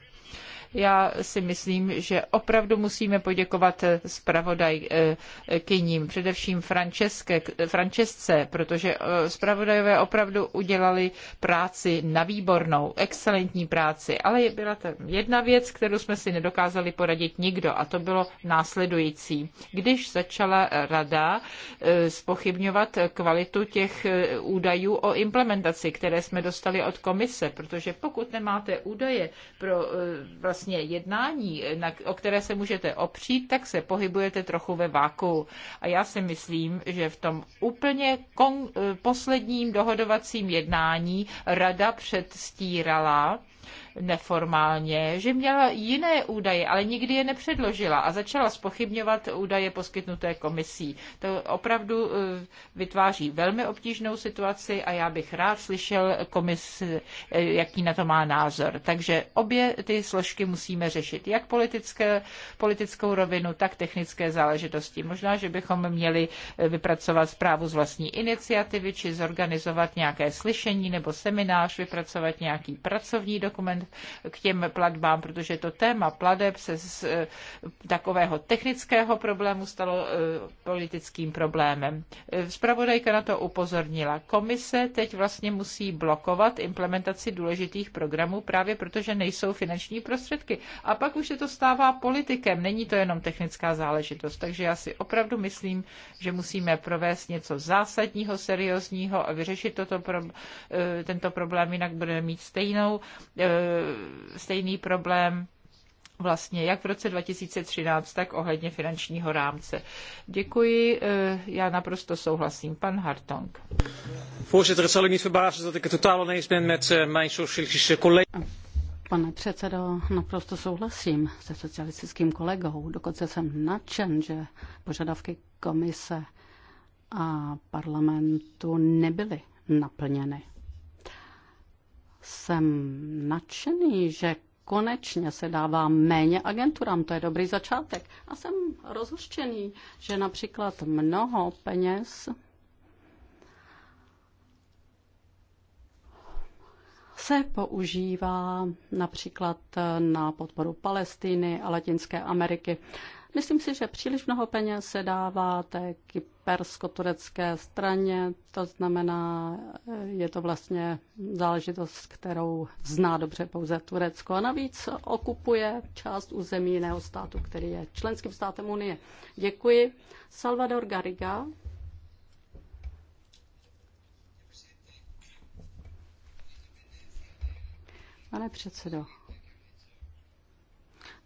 Já si myslím, že opravdu musíme poděkovat zpravodajkyním, především Franceske, Francesce, protože eh, zpravodajové opravdu udělali práci na výbornou, excelentní práci, ale byla tam jedna věc, kterou jsme si nedokázali poradit nikdo a to bylo následující. Když začala rada eh, spochybňovat kvalitu těch eh, údajů o implementaci, které jsme dostali od komise, protože pokud nemáte údaje pro vlastně vlastně jednání, na, o které se můžete opřít, tak se pohybujete trochu ve váku. A já si myslím, že v tom úplně kon, eh, posledním dohodovacím jednání rada předstírala, neformálně, že měla jiné údaje, ale nikdy je nepředložila a začala spochybňovat údaje poskytnuté komisí. To opravdu eh, vytváří velmi obtížnou situaci a já bych rád slyšel komis, eh, jaký na to má názor. Takže obě ty složky musíme řešit, jak politické, politickou rovinu, tak technické záležitosti. Možná, že bychom měli eh, vypracovat zprávu z vlastní iniciativy či zorganizovat nějaké slyšení nebo seminář, vypracovat nějaký pracovní dokument, k těm platbám, protože to téma pladeb se z eh, takového technického problému stalo eh, politickým problémem. Spravodajka eh, na to upozornila. Komise teď vlastně musí blokovat implementaci důležitých programů právě protože nejsou finanční prostředky. A pak už se to stává politikem, není to jenom technická záležitost. Takže já si opravdu myslím, že musíme provést něco zásadního, seriózního a vyřešit toto pro, tento problém, jinak budeme mít stejnou E, stejný problém vlastně jak v roce 2013, tak ohledně finančního rámce. Děkuji, e, já naprosto souhlasím. Pan Hartong. Voorzitter, het zal u niet verbazen dat ik het totaal oneens ben met eh, mijn socialistische collega. Pane předsedo, naprosto souhlasím se socialistickým kolegou. Dokonce jsem nadšen, že požadavky komise a parlamentu nebyly naplněny. Jsem nadšený, že konečně se dává méně agenturám, to je dobrý začátek. A jsem rozhořčený, že například mnoho peněz se používá například na podporu Palestiny a Latinské Ameriky. Myslím si, že příliš mnoho peněz se dává té kypersko-turecké straně, to znamená, je to vlastně záležitost, kterou zná dobře pouze Turecko. A navíc okupuje část území jiného státu, který je členským státem Unie. Děkuji. Salvador Garriga. Pane předsedo,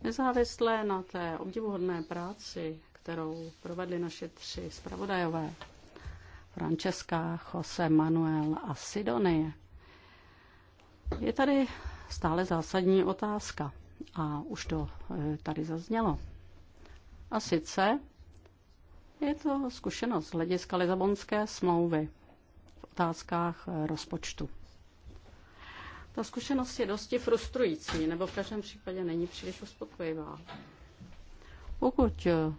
Nezávislé na té obdivuhodné práci, kterou provedli naše tři zpravodajové, Francesca, Jose Manuel a Sidonie, je tady stále zásadní otázka. A už to eh, tady zaznělo. A sice je to zkušenost z hlediska Lizabonské smlouvy v otázkách eh, rozpočtu. Ta zkušenost je dosti frustrující, nebo v každém případě není příliš uspokojivá. Pokud eh,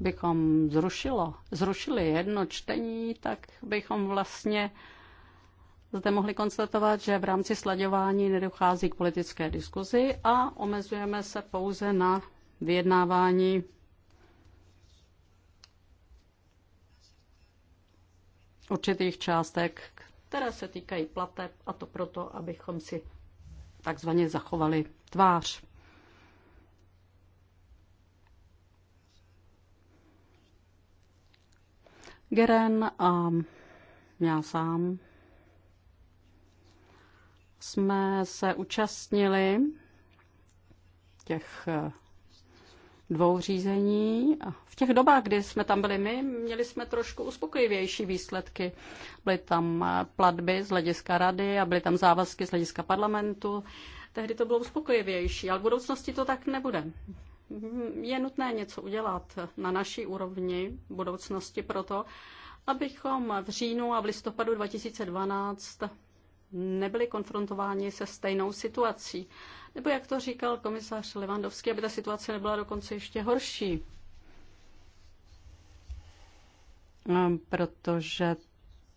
bychom zrušilo, zrušili jedno čtení, tak bychom vlastně zde mohli konstatovat, že v rámci sladěvání nedochází k politické diskuzi a omezujeme se pouze na vyjednávání určitých částek, které se týkají plateb a to proto, abychom si takzvaně zachovali tvář. Geren a já sám jsme se účastnili těch dvou řízení. A v těch dobách, kdy jsme tam byli my, měli jsme trošku uspokojivější výsledky. Byly tam eh, platby z hlediska rady a byly tam závazky z hlediska parlamentu. Tehdy to bylo uspokojivější, ale v budoucnosti to tak nebude. Je nutné něco udělat na naší úrovni v budoucnosti proto, abychom v říjnu a v listopadu 2012 nebyli konfrontováni se stejnou situací. Nebo jak to říkal komisař Levandovský, aby ta situace nebyla dokonce ještě horší. No, protože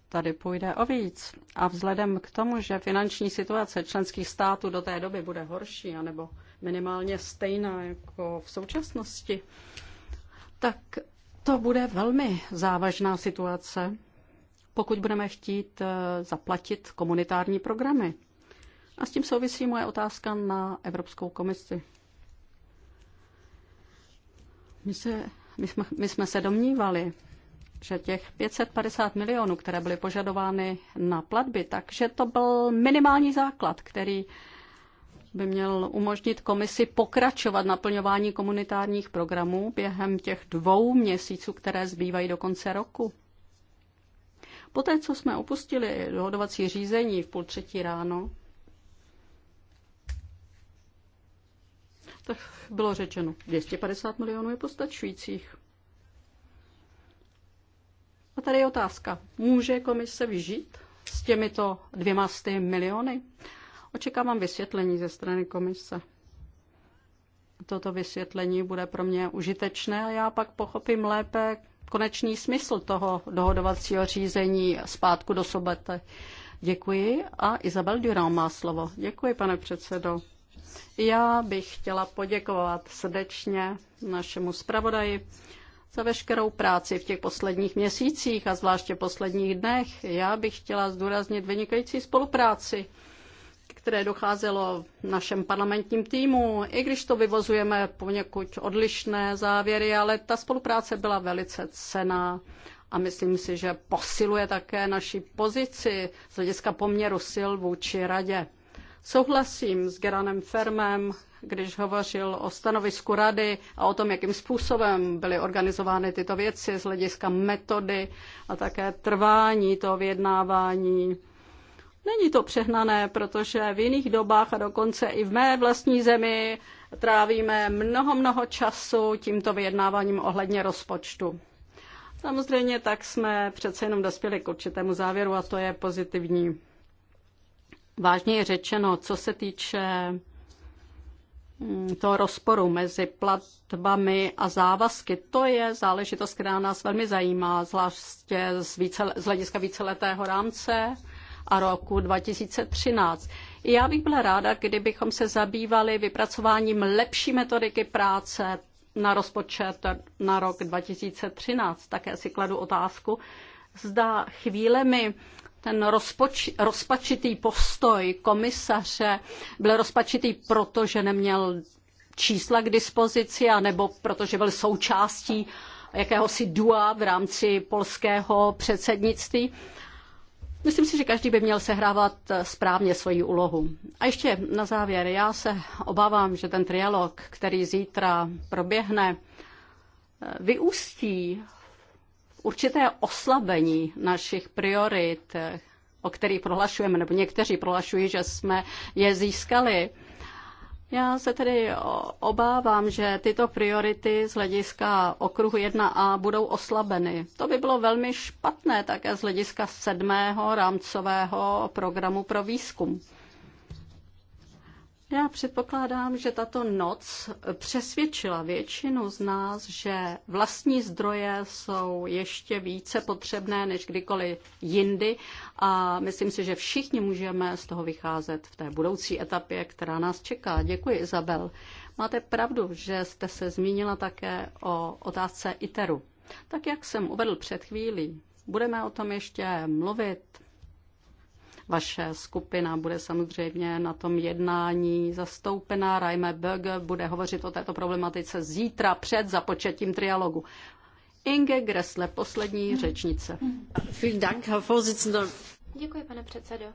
tady půjde o víc. A vzhledem k tomu, že finanční situace členských států do té doby bude horší, anebo minimálně stejná jako v současnosti, tak to bude velmi závažná situace pokud budeme chtít eh, zaplatit komunitární programy. A s tím souvisí moje otázka na Evropskou komisi. My, se, my, jsme, my jsme se domnívali, že těch 550 milionů, které byly požadovány na platby, takže to byl minimální základ, který by měl umožnit komisi pokračovat naplňování komunitárních programů během těch dvou měsíců, které zbývají do konce roku. Poté, co jsme opustili dohodovací řízení v půl třetí ráno, tak bylo řečeno, 250 milionů je postačujících. A tady je otázka, může komise vyžít s těmito dvěma sty miliony? Očekávám vysvětlení ze strany komise. Toto vysvětlení bude pro mě užitečné a já pak pochopím lépe, konečný smysl toho dohodovacího řízení zpátku do sobete. Děkuji a Izabel Durán má slovo. Děkuji, pane předsedo. Já bych chtěla poděkovat srdečně našemu zpravodaji za veškerou práci v těch posledních měsících a zvláště posledních dnech. Já bych chtěla zdůraznit vynikající spolupráci které docházelo v našem parlamentním týmu, i když to vyvozujeme poněkud odlišné závěry, ale ta spolupráce byla velice cená a myslím si, že posiluje také naši pozici z hlediska poměru sil vůči radě. Souhlasím s Geranem Fermem, když hovořil o stanovisku rady a o tom, jakým způsobem byly organizovány tyto věci z hlediska metody a také trvání toho vyjednávání Není to přehnané, protože v jiných dobách a dokonce i v mé vlastní zemi trávíme mnoho, mnoho času tímto vyjednáváním ohledně rozpočtu. Samozřejmě tak jsme přece jenom dospěli k určitému závěru a to je pozitivní. Vážně řečeno, co se týče mm, toho rozporu mezi platbami a závazky, to je záležitost, která nás velmi zajímá, zvláště z, více, z hlediska víceletého rámce a roku 2013. Já bych byla ráda, kdybychom se zabývali vypracováním lepší metodiky práce na rozpočet na rok 2013. Také si kladu otázku, zda chvílemi ten rozpoč, rozpačitý postoj komisaře byl rozpačitý proto, že neměl čísla k dispozici, proto, protože byl součástí jakéhosi dua v rámci polského předsednictví. Myslím si, že každý by měl sehrávat eh, správně svoji úlohu. A ještě na závěr, já se obávám, že ten trialog, který zítra proběhne, eh, vyústí určité oslabení našich priorit, eh, o kterých prohlašujeme, nebo někteří prohlašují, že jsme je získali. Já se tedy obávám, že tyto priority z hlediska okruhu 1a budou oslabeny. To by bylo velmi špatné také z hlediska sedmého rámcového programu pro výzkum. Já předpokládám, že tato noc přesvědčila většinu z nás, že vlastní zdroje jsou ještě více potřebné než kdykoliv jindy a myslím si, že všichni můžeme z toho vycházet v té budoucí etapě, která nás čeká. Děkuji, Izabel. Máte pravdu, že jste se zmínila také o otázce ITERu. Tak jak jsem uvedl před chvílí, budeme o tom ještě mluvit vaše skupina bude samozřejmě na tom jednání zastoupená. Raime Böge bude hovořit o této problematice zítra před započetím trialogu. Inge Gressle, poslední řečnice. Hmm. Děkuji, pane předsedo.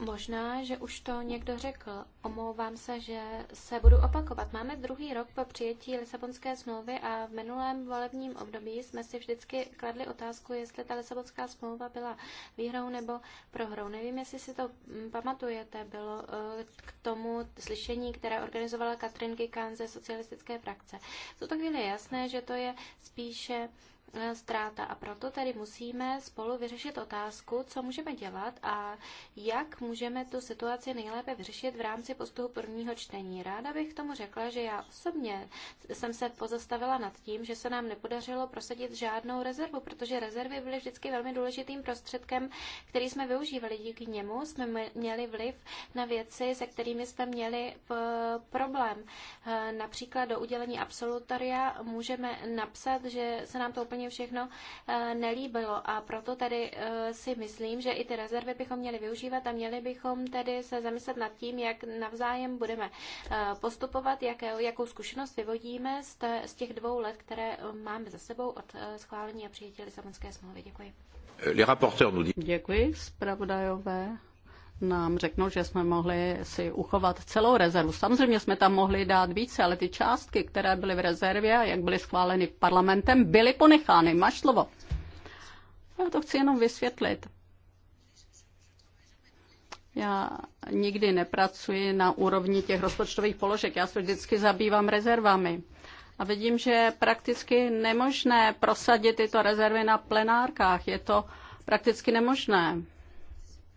Možná, že už to někdo řekl. Omlouvám se, že se budu opakovat. Máme druhý rok po přijetí Lisabonské smlouvy a v minulém volebním období jsme si vždycky kladli otázku, jestli ta Lisabonská smlouva byla výhrou nebo prohrou. Nevím, jestli si to mm, pamatujete. Bylo eh, k tomu slyšení, které organizovala Katrin Gikán ze socialistické frakce. V tuto chvíli je jasné, že to je spíše E, ztráta a proto tedy musíme spolu vyřešit otázku, co můžeme dělat a jak můžeme tu situaci nejlépe vyřešit v rámci postupu prvního čtení. Ráda bych k tomu řekla, že já osobně jsem se pozastavila nad tím, že se nám nepodařilo prosadit žádnou rezervu, protože rezervy byly vždycky velmi důležitým prostředkem, který jsme využívali. Díky němu jsme měli vliv na věci, se kterými jsme měli problém. E, například do udělení absolutoria můžeme napsat, že se nám to úplně úplně všechno eh, nelíbilo a proto tady eh, si myslím, že i ty rezervy bychom měli využívat a měli bychom tedy se zamyslet nad tím, jak navzájem budeme eh, postupovat, jaké, jakou zkušenost vyvodíme z, te, z těch dvou let, které máme za sebou od schválení a přijetí Lisabonské smlouvy. Děkuji. Děkuji, zpravodajové nám řeknou, že jsme mohli si uchovat celou rezervu. Samozřejmě jsme tam mohli dát více, ale ty částky, které byly v rezervě a jak byly schváleny parlamentem, byly ponechány. Máš slovo. Já to chci jenom vysvětlit. Já nikdy nepracuji na úrovni těch rozpočtových položek. Já se vždycky zabývám rezervami. A vidím, že je prakticky nemožné prosadit tyto rezervy na plenárkách. Je to prakticky nemožné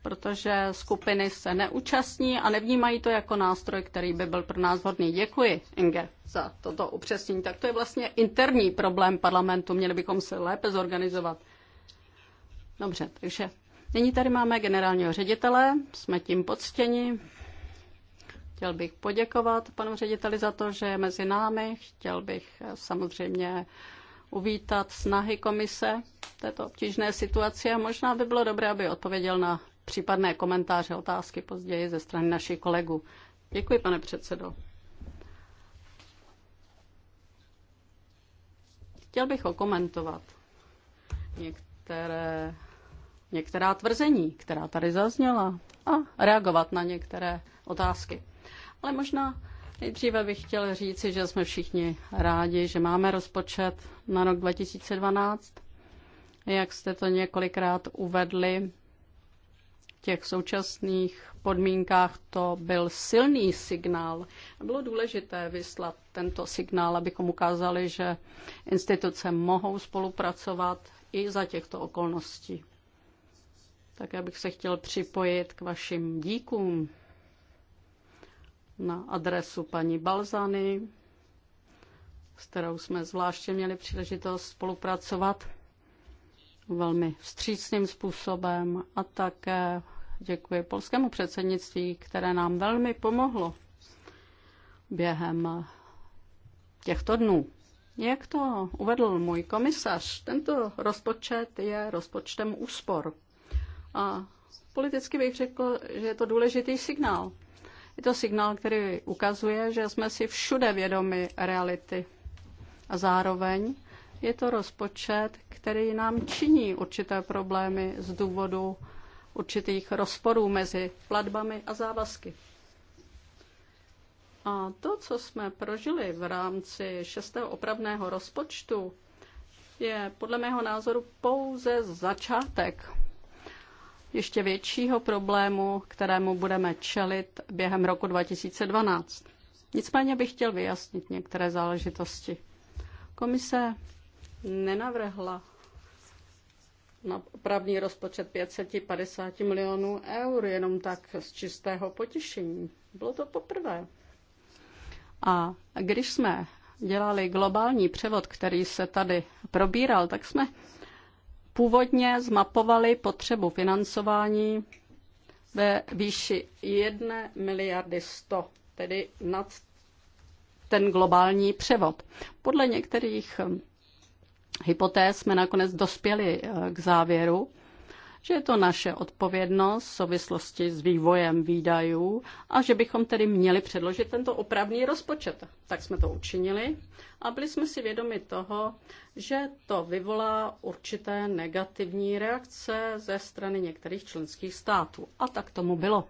protože skupiny se neúčastní a nevnímají to jako nástroj, který by byl pro nás hodný. Děkuji, Inge, za toto upřesnění. Tak to je vlastně interní problém parlamentu. Měli bychom se lépe zorganizovat. Dobře, takže nyní tady máme generálního ředitele. Jsme tím poctěni. Chtěl bych poděkovat panu řediteli za to, že je mezi námi. Chtěl bych samozřejmě uvítat snahy komise této obtížné situace a možná by bylo dobré, aby odpověděl na případné komentáře, otázky později ze strany našich kolegů. Děkuji, pane předsedo. Chtěl bych okomentovat některé, některá tvrzení, která tady zazněla, a reagovat na některé otázky. Ale možná nejdříve bych chtěl říci, že jsme všichni rádi, že máme rozpočet na rok 2012. Jak jste to několikrát uvedli, těch současných podmínkách to byl silný signál. Bylo důležité vyslat tento signál, abychom ukázali, že instituce mohou spolupracovat i za těchto okolností. já bych se chtěl připojit k vašim díkům na adresu paní Balzany, s kterou jsme zvláště měli příležitost spolupracovat velmi vstřícným způsobem a také Děkuji polskému předsednictví, které nám velmi pomohlo během těchto dnů. Jak to uvedl můj komisař, tento rozpočet je rozpočtem úspor. A politicky bych řekl, že je to důležitý signál. Je to signál, který ukazuje, že jsme si všude vědomi reality. A zároveň je to rozpočet, který nám činí určité problémy z důvodu určitých rozporů mezi platbami a závazky. A to, co jsme prožili v rámci šestého opravného rozpočtu, je podle mého názoru pouze začátek ještě většího problému, kterému budeme čelit během roku 2012. Nicméně bych chtěl vyjasnit některé záležitosti. Komise nenavrhla na opravný rozpočet 550 milionů eur, jenom tak z čistého potěšení. Bylo to poprvé. A když jsme dělali globální převod, který se tady probíral, tak jsme původně zmapovali potřebu financování ve výši 1 miliardy 100, tedy nad ten globální převod. Podle některých hypotéz jsme nakonec dospěli eh, k závěru, že je to naše odpovědnost v souvislosti s vývojem výdajů a že bychom tedy měli předložit tento opravný rozpočet. Tak jsme to učinili a byli jsme si vědomi toho, že to vyvolá určité negativní reakce ze strany některých členských států. A tak tomu bylo.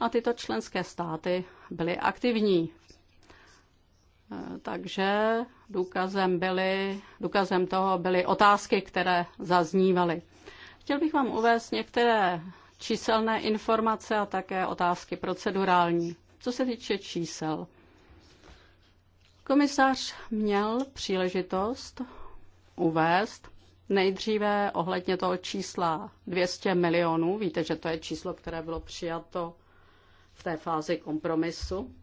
A tyto členské státy byly aktivní takže důkazem, byly, důkazem toho byly otázky, které zaznívaly. Chtěl bych vám uvést některé číselné informace a také otázky procedurální. Co se týče čísel, komisař měl příležitost uvést nejdříve ohledně toho čísla 200 milionů. Víte, že to je číslo, které bylo přijato v té fázi kompromisu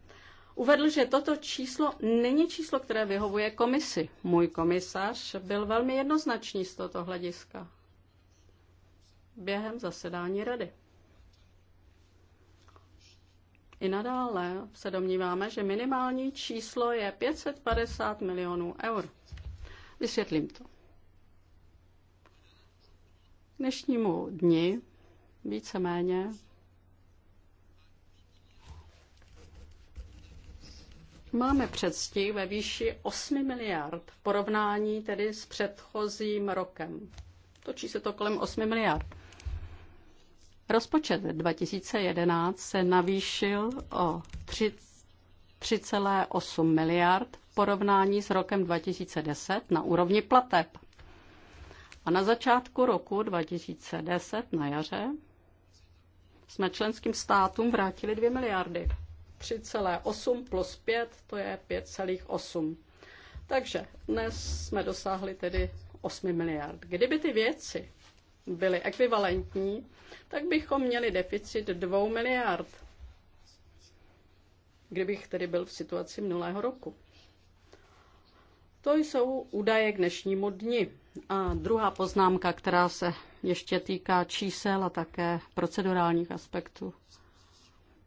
uvedl, že toto číslo není číslo, které vyhovuje komisi. Můj komisař byl velmi jednoznačný z tohoto hlediska během zasedání rady. I nadále se domníváme, že minimální číslo je 550 milionů eur. Vysvětlím to. K dnešnímu dni víceméně Máme předstih ve výši 8 miliard v porovnání tedy s předchozím rokem. Točí se to kolem 8 miliard. Rozpočet 2011 se navýšil o 3,8 miliard v porovnání s rokem 2010 na úrovni plateb. A na začátku roku 2010 na jaře jsme členským státům vrátili 2 miliardy. 3,8 plus 5, to je 5,8. Takže dnes jsme dosáhli tedy 8 miliard. Kdyby ty věci byly ekvivalentní, tak bychom měli deficit 2 miliard, kdybych tedy byl v situaci minulého roku. To jsou údaje k dnešnímu dni. A druhá poznámka, která se ještě týká čísel a také procedurálních aspektů.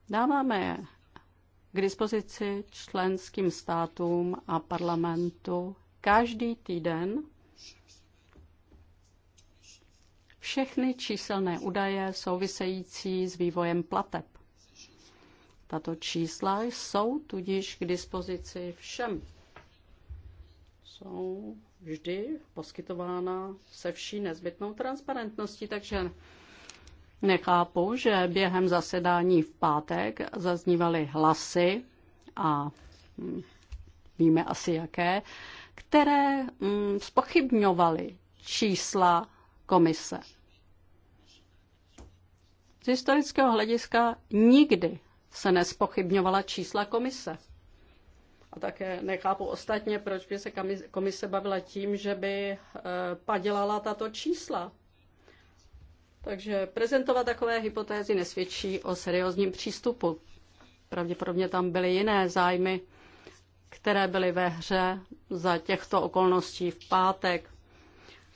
Dáváme je k dispozici členským státům a parlamentu každý týden všechny číselné údaje související s vývojem plateb. Tato čísla jsou tudíž k dispozici všem. Jsou vždy poskytována se vší nezbytnou transparentností, takže Nechápu, že během zasedání v pátek zaznívaly hlasy a hm, víme asi jaké, které hm, spochybňovaly čísla komise. Z historického hlediska nikdy se nespochybňovala čísla komise. A také nechápu ostatně, proč by se komise bavila tím, že by eh, padělala tato čísla. Takže prezentovat takové hypotézy nesvědčí o seriózním přístupu. Pravděpodobně tam byly jiné zájmy, které byly ve hře za těchto okolností v pátek.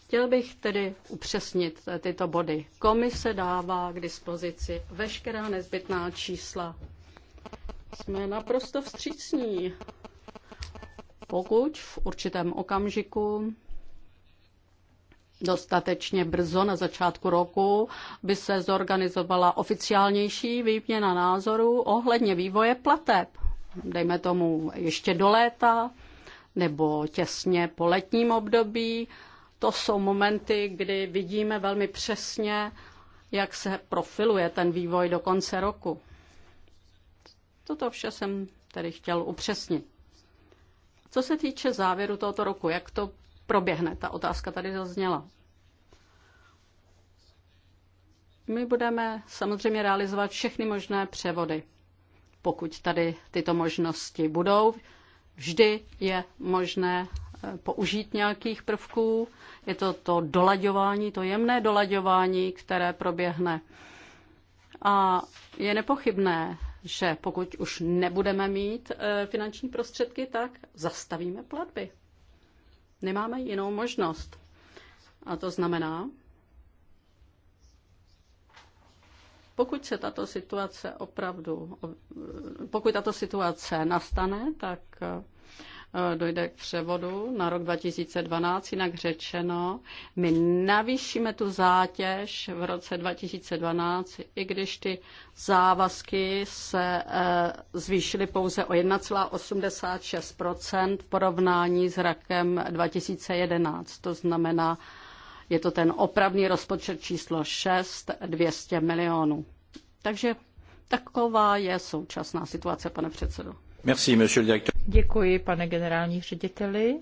Chtěl bych tedy upřesnit tyto body. Komise dává k dispozici veškerá nezbytná čísla. Jsme naprosto vstřícní, pokud v určitém okamžiku dostatečně brzo na začátku roku by se zorganizovala oficiálnější výměna názorů ohledně vývoje plateb. Dejme tomu ještě do léta nebo těsně po letním období. To jsou momenty, kdy vidíme velmi přesně, jak se profiluje ten vývoj do konce roku. Toto vše jsem tedy chtěl upřesnit. Co se týče závěru tohoto roku, jak to proběhne, ta otázka tady zazněla. My budeme samozřejmě realizovat všechny možné převody. Pokud tady tyto možnosti budou, vždy je možné eh, použít nějakých prvků. Je to to dolaďování, to jemné dolaďování, které proběhne. A je nepochybné, že pokud už nebudeme mít eh, finanční prostředky, tak zastavíme platby. Nemáme jinou možnost. A to znamená, Pokud se tato situace opravdu, pokud tato situace nastane, tak eh, dojde k převodu na rok 2012, jinak řečeno, my navýšíme tu zátěž v roce 2012, i když ty závazky se eh, zvýšily pouze o 1,86 v porovnání s rakem 2011. To znamená, je to ten opravný rozpočet číslo 6, 200 milionů. Takže taková je současná situace, pane předsedo. Merci, Děkuji, pane generální řediteli.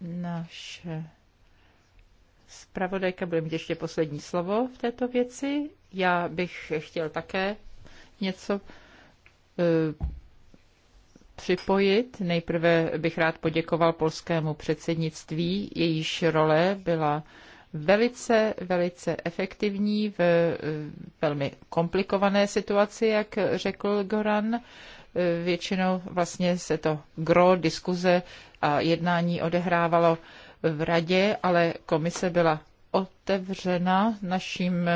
Naše zpravodajka bude mít ještě poslední slovo v této věci. Já bych chtěl také něco eh, připojit. Nejprve bych rád poděkoval polskému předsednictví, jejíž role byla velice, velice efektivní v velmi komplikované situaci, jak řekl Goran. Většinou vlastně se to gro diskuze a jednání odehrávalo v radě, ale komise byla otevřena našim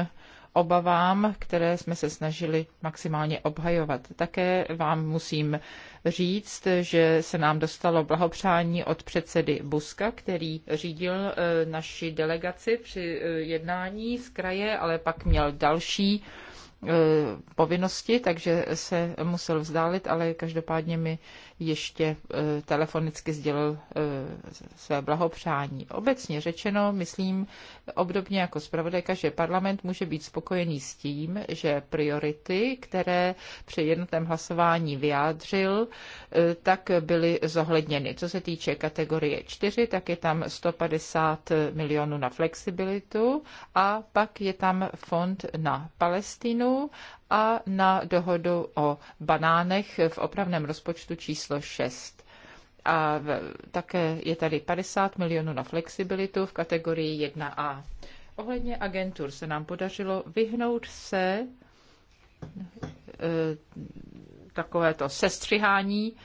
obavám, které jsme se snažili maximálně obhajovat. Také vám musím říct, že se nám dostalo blahopřání od předsedy Buska, který řídil e, naši delegaci při e, jednání z kraje, ale pak měl další e, povinnosti, takže se musel vzdálit, ale každopádně mi ještě e, telefonicky sdělil e, své blahopřání. Obecně řečeno, myslím obdobně jako zpravodajka, že parlament může být spokojený s tím, že priority, které při jednotném hlasování vyjádřil, e, tak byly zohledněny. Co se týče kategorie 4, tak je tam 150 milionů na flexibilitu a pak je tam fond na Palestinu a na dohodu o banánech v opravném rozpočtu číslo 6. A také je tady 50 milionů na flexibilitu v kategorii 1A. Ohledně agentur se nám podařilo vyhnout se e, takovéto sestřihání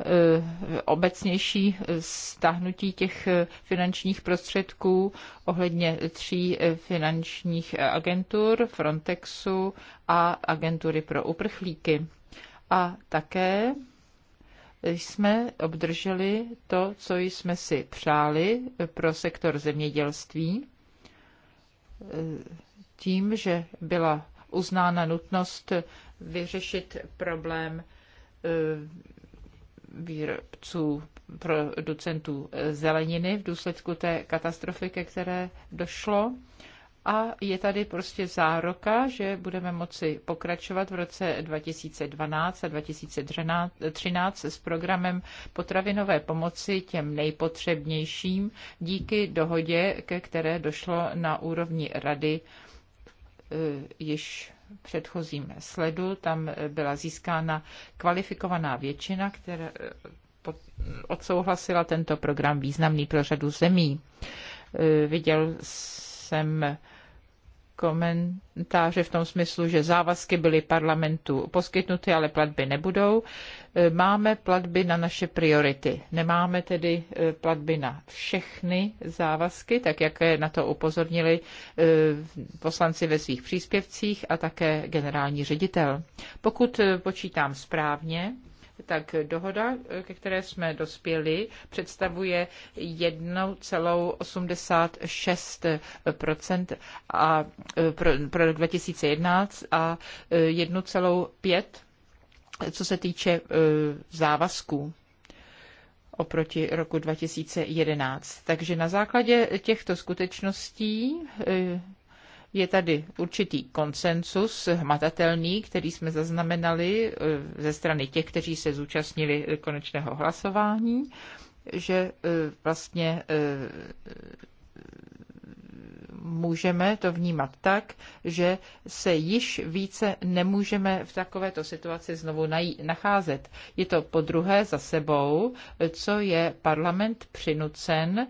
Eh, obecnější stáhnutí těch finančních prostředků ohledně tří finančních agentur, Frontexu a agentury pro uprchlíky. A také jsme obdrželi to, co jsme si přáli pro sektor zemědělství, eh, tím, že byla uznána nutnost vyřešit problém eh, výrobců, producentů zeleniny v důsledku té katastrofy, ke které došlo. A je tady prostě zároka, že budeme moci pokračovat v roce 2012 a 2013 s programem potravinové pomoci těm nejpotřebnějším díky dohodě, ke které došlo na úrovni rady eh, již předchozím sledu. Tam eh, byla získána kvalifikovaná většina, která eh, odsouhlasila tento program významný pro řadu zemí. Eh, viděl jsem komentáře v tom smyslu, že závazky byly parlamentu poskytnuty, ale platby nebudou. E, máme platby na naše priority. Nemáme tedy e, platby na všechny závazky, tak jak na to upozornili e, poslanci ve svých příspěvcích a také generální ředitel. Pokud počítám správně, tak dohoda, ke které jsme dospěli, představuje 1,86 a e, pro, pro rok 2011 a 1,5 e, co se týče e, závazků oproti roku 2011. Takže na základě těchto skutečností je tady určitý konsensus hmatatelný, který jsme zaznamenali eh, ze strany těch, kteří se zúčastnili konečného hlasování, že eh, vlastně eh, můžeme to vnímat tak, že se již více nemůžeme v takovéto situaci znovu nacházet. Je to po druhé za sebou, co je parlament přinucen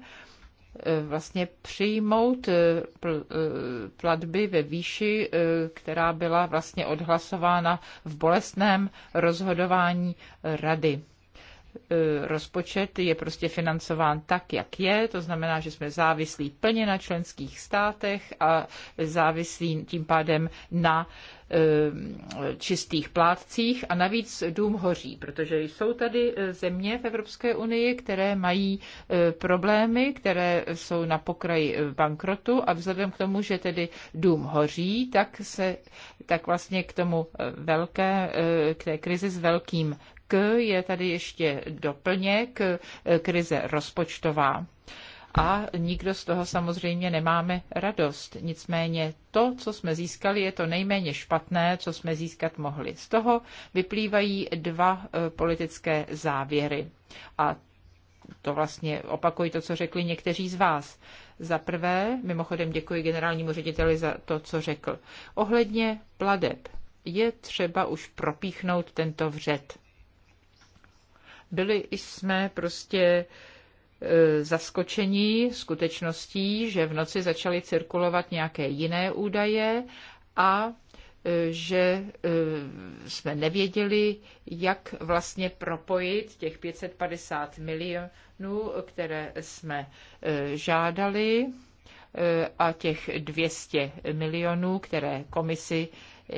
E, vlastně přijmout e, e, platby ve výši, která byla vlastně odhlasována v bolestném rozhodování rady. Rozpočet je prostě financován tak, jak je, to znamená, že jsme závislí plně na členských státech a závislí tím pádem na uh, Eh, čistých plátcích a navíc dům hoří, protože jsou tady eh, země v Evropské unii, které mají eh, problémy, které jsou na pokraji bankrotu a vzhledem k tomu, že tedy dům hoří, tak se tak vlastně k tomu velké, k té krizi s velkým k je tady ještě doplněk krize rozpočtová a nikdo z toho samozřejmě nemáme radost. Nicméně to, co jsme získali, je to nejméně špatné, co jsme získat mohli. Z toho vyplývají dva eh, politické závěry. A to vlastně opakuji to, co řekli někteří z vás. Za prvé, mimochodem děkuji generálnímu řediteli za to, co řekl. Ohledně pladeb je třeba už propíchnout tento vřet. Byli jsme prostě uh, E, zaskočeni skutečností, že v noci začaly cirkulovat nějaké jiné údaje a e, že e, jsme nevěděli, jak vlastně propojit těch 550 milionů, které jsme žádali a těch 200 milionů, které komisi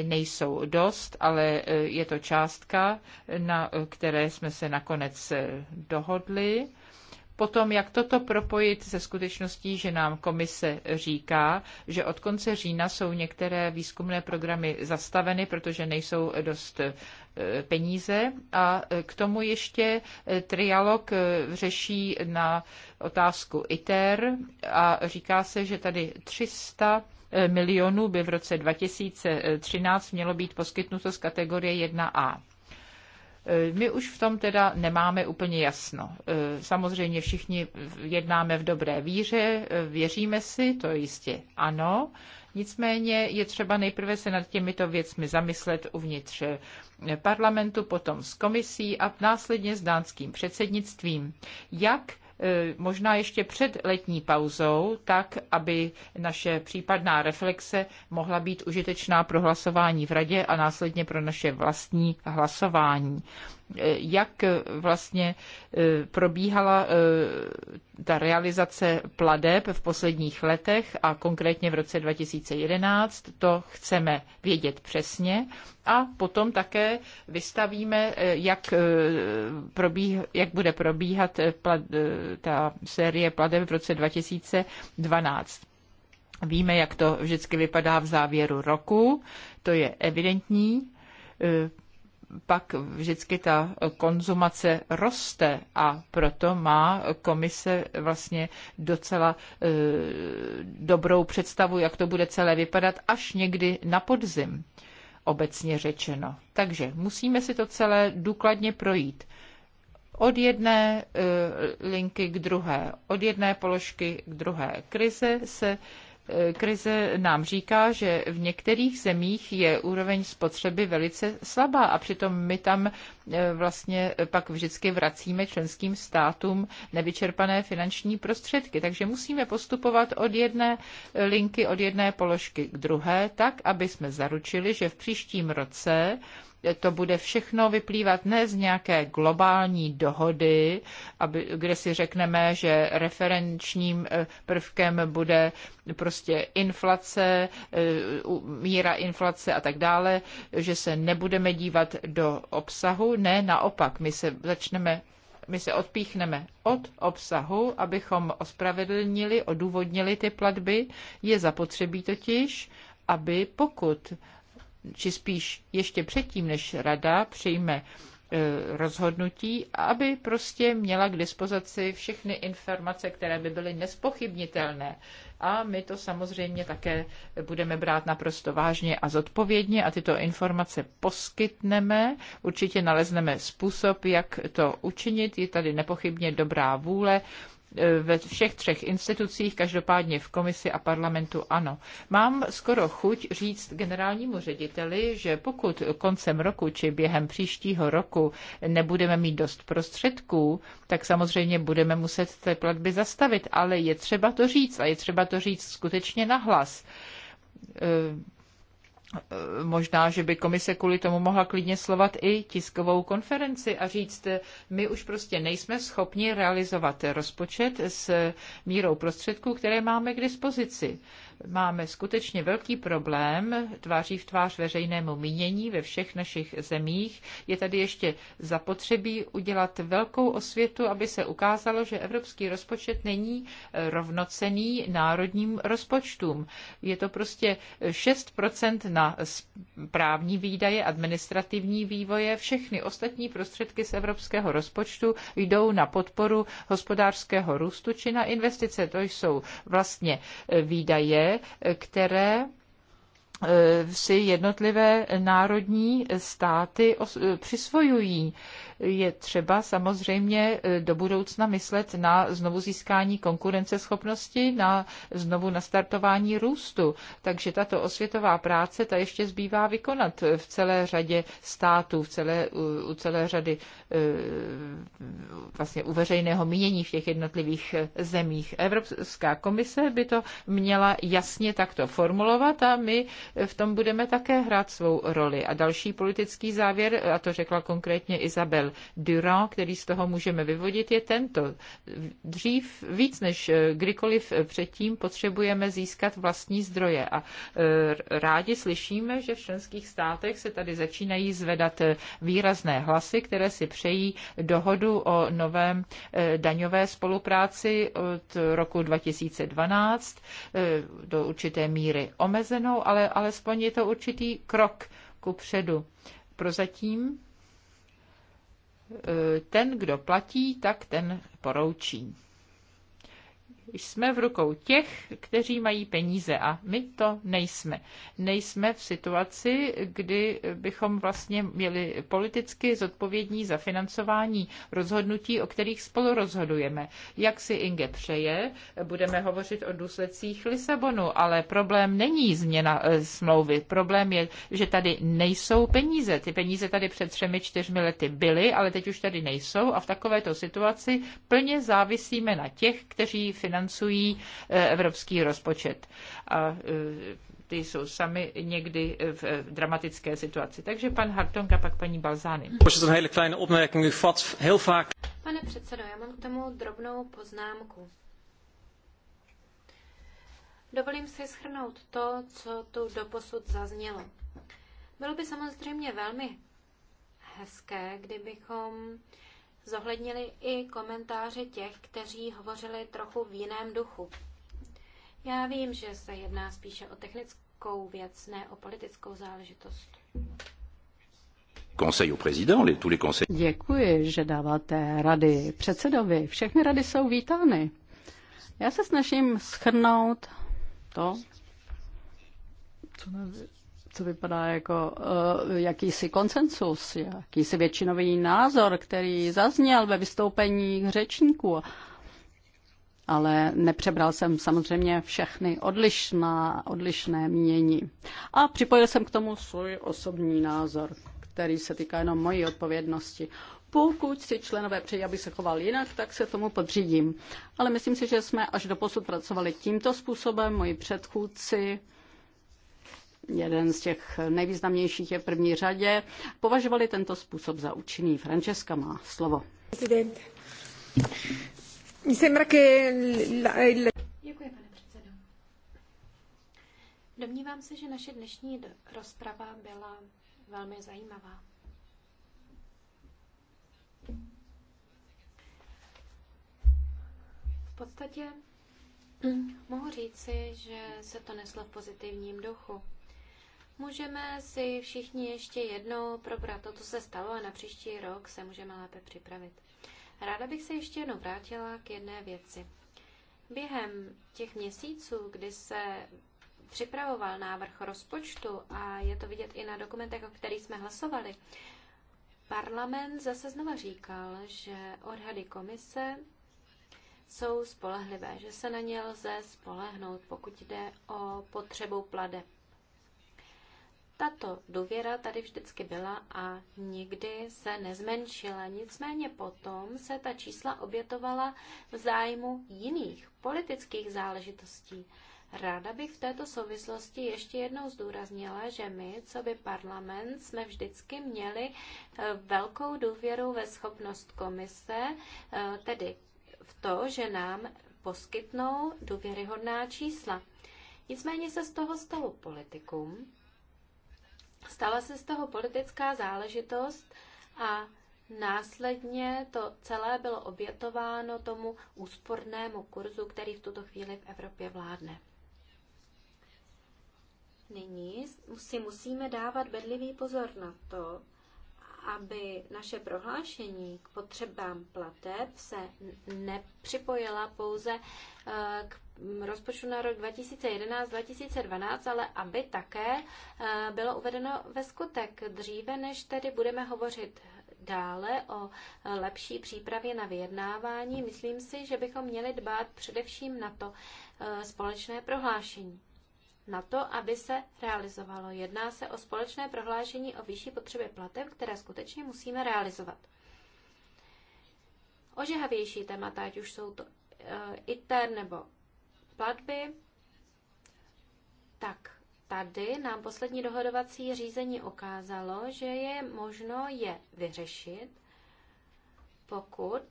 nejsou dost, ale je to částka, na které jsme se nakonec dohodli potom, jak toto propojit se skutečností, že nám komise říká, že od konce října jsou některé výzkumné programy zastaveny, protože nejsou dost e, peníze a e, k tomu ještě e, trialog řeší na otázku ITER a říká se, že tady 300 milionů by v roce 2013 mělo být poskytnuto z kategorie 1A. Eh, my už v tom teda nemáme úplně jasno. Eh, samozřejmě všichni jednáme v dobré víře, eh, věříme si, to jistě ano. Nicméně je třeba nejprve se nad těmito věcmi zamyslet uvnitř parlamentu, potom s komisí a následně s dánským předsednictvím. Jak Eh, možná ještě před letní pauzou, tak, aby naše případná reflexe mohla být užitečná pro hlasování v radě a následně pro naše vlastní hlasování jak vlastně e, probíhala e, ta realizace pladeb v posledních letech a konkrétně v roce 2011. To chceme vědět přesně a potom také vystavíme, e, jak, probíh, jak bude probíhat ta série pladeb v roce 2012. Víme, jak to vždycky vypadá v závěru roku, to je evidentní pak vždycky ta konzumace roste a proto má komise vlastně docela e, dobrou představu, jak to bude celé vypadat až někdy na podzim, obecně řečeno. Takže musíme si to celé důkladně projít od jedné e, linky k druhé, od jedné položky k druhé. Krize se krize nám říká, že v některých zemích je úroveň spotřeby velice slabá a přitom my tam eh, vlastně eh, pak vždycky vracíme členským státům nevyčerpané finanční prostředky. Takže musíme postupovat od jedné eh, linky, od jedné položky k druhé, tak, aby jsme zaručili, že v příštím roce to bude všechno vyplývat ne z nějaké globální dohody, aby, kde si řekneme, že referenčním eh, prvkem bude prostě inflace, eh, míra inflace a tak dále, že se nebudeme dívat do obsahu. Ne, naopak, my se začneme my se odpíchneme od obsahu, abychom ospravedlnili, odůvodnili ty platby. Je zapotřebí totiž, aby pokud či spíš ještě předtím, než rada přijme e, rozhodnutí, aby prostě měla k dispozici všechny informace, které by byly nespochybnitelné. A my to samozřejmě také budeme brát naprosto vážně a zodpovědně a tyto informace poskytneme. Určitě nalezneme způsob, jak to učinit. Je tady nepochybně dobrá vůle Eh, ve všech třech institucích, každopádně v komisi a parlamentu ano. Mám skoro chuť říct generálnímu řediteli, že pokud koncem roku či během příštího roku nebudeme mít dost prostředků, tak samozřejmě budeme muset ty platby zastavit, ale je třeba to říct a je třeba to říct skutečně nahlas eh, Eh, možná, že by komise kvůli tomu mohla klidně slovat i tiskovou konferenci a říct, eh, my už prostě nejsme schopni realizovat rozpočet s mírou prostředků, které máme k dispozici máme skutečně velký problém tváří v tvář veřejnému mínění ve všech našich zemích. Je tady ještě zapotřebí udělat velkou osvětu, aby se ukázalo, že evropský rozpočet není rovnocený národním rozpočtům. Je to prostě 6% na právní výdaje, administrativní vývoje. Všechny ostatní prostředky z evropského rozpočtu jdou na podporu hospodářského růstu či na investice. To jsou vlastně výdaje které Eh, si jednotlivé národní státy eh, přisvojují. Je třeba samozřejmě eh, do budoucna myslet na znovu získání konkurenceschopnosti, na znovu nastartování růstu. Takže tato osvětová práce, ta ještě zbývá vykonat v celé řadě států, v celé, u celé řady vlastně u veřejného mínění v těch jednotlivých zemích. Evropská komise by to měla jasně takto formulovat a my v tom budeme také hrát svou roli. A další politický závěr, a to řekla konkrétně Isabel Durand, který z toho můžeme vyvodit, je tento. Dřív víc než eh, kdykoliv předtím potřebujeme získat vlastní zdroje. A eh, rádi slyšíme, že v členských státech se tady začínají zvedat eh, výrazné hlasy, které si přejí dohodu o novém daňové spolupráci od roku 2012 do určité míry omezenou, ale alespoň je to určitý krok ku předu. Prozatím e, ten, kdo platí, tak ten poroučí jsme v rukou těch, kteří mají peníze a my to nejsme. Nejsme v situaci, kdy bychom vlastně měli politicky zodpovědní za financování rozhodnutí, o kterých spolu rozhodujeme. Jak si Inge přeje, budeme hovořit o důsledcích Lisabonu, ale problém není změna e, smlouvy. Problém je, že tady nejsou peníze. Ty peníze tady před třemi, čtyřmi lety byly, ale teď už tady nejsou a v takovéto situaci plně závisíme na těch, kteří financují financují eh, evropský rozpočet. A eh, ty jsou sami někdy eh, v dramatické situaci. Takže pan Hartong a pak paní Balzány. Pane předsedo, já mám k tomu drobnou poznámku. Dovolím si schrnout to, co tu doposud zaznělo. Bylo by samozřejmě velmi hezké, kdybychom zohlednili i komentáře těch, kteří hovořili trochu v jiném duchu. Já vím, že se jedná spíše o technickou věc, ne o politickou záležitost. Děkuji, že dáváte rady předsedovi. Všechny rady jsou vítány. Já se snažím schrnout to, co nás co vypadá jako uh, jakýsi konsensus, jakýsi většinový názor, který zazněl ve vystoupení řečníků. Ale nepřebral jsem samozřejmě všechny odlišná, odlišné mění. A připojil jsem k tomu svůj osobní názor, který se týká jenom mojí odpovědnosti. Pokud si členové přeji, aby se choval jinak, tak se tomu podřídím. Ale myslím si, že jsme až do posud pracovali tímto způsobem, moji předchůdci, jeden z těch nejvýznamnějších je v první řadě, považovali tento způsob za účinný. Francesca má slovo. Presidente. Děkuji, pane předsedo. Domnívám se, že naše dnešní rozprava byla velmi zajímavá. V podstatě hm, mohu říci, že se to neslo v pozitivním duchu. Můžeme si všichni ještě jednou probrat to, co se stalo a na příští rok se můžeme lépe připravit. Ráda bych se ještě jednou vrátila k jedné věci. Během těch měsíců, kdy se připravoval návrh rozpočtu, a je to vidět i na dokumentech, o kterých jsme hlasovali, parlament zase znova říkal, že odhady komise jsou spolehlivé, že se na ně lze spolehnout, pokud jde o potřebu pladeb. Tato důvěra tady vždycky byla a nikdy se nezmenšila. Nicméně potom se ta čísla obětovala v zájmu jiných politických záležitostí. Ráda bych v této souvislosti ještě jednou zdůraznila, že my, co by parlament, jsme vždycky měli eh, velkou důvěru ve schopnost komise, eh, tedy v to, že nám poskytnou důvěryhodná čísla. Nicméně se z toho stalo politikum Stala se z toho politická záležitost a následně to celé bylo obětováno tomu úspornému kurzu, který v tuto chvíli v Evropě vládne. Nyní si musíme dávat bedlivý pozor na to, aby naše prohlášení k potřebám plateb se nepřipojila pouze eh, k rozpočtu na rok 2011-2012, ale aby také eh, bylo uvedeno ve skutek. Dříve, než tedy budeme hovořit dále o eh, lepší přípravě na vyjednávání, myslím si, že bychom měli dbát především na to eh, společné prohlášení na to, aby se realizovalo. Jedná se o společné prohlášení o vyšší potřebě platem, které skutečně musíme realizovat. Ožehavější témata, ať už jsou to ITER nebo platby, tak tady nám poslední dohodovací řízení ukázalo, že je možno je vyřešit, pokud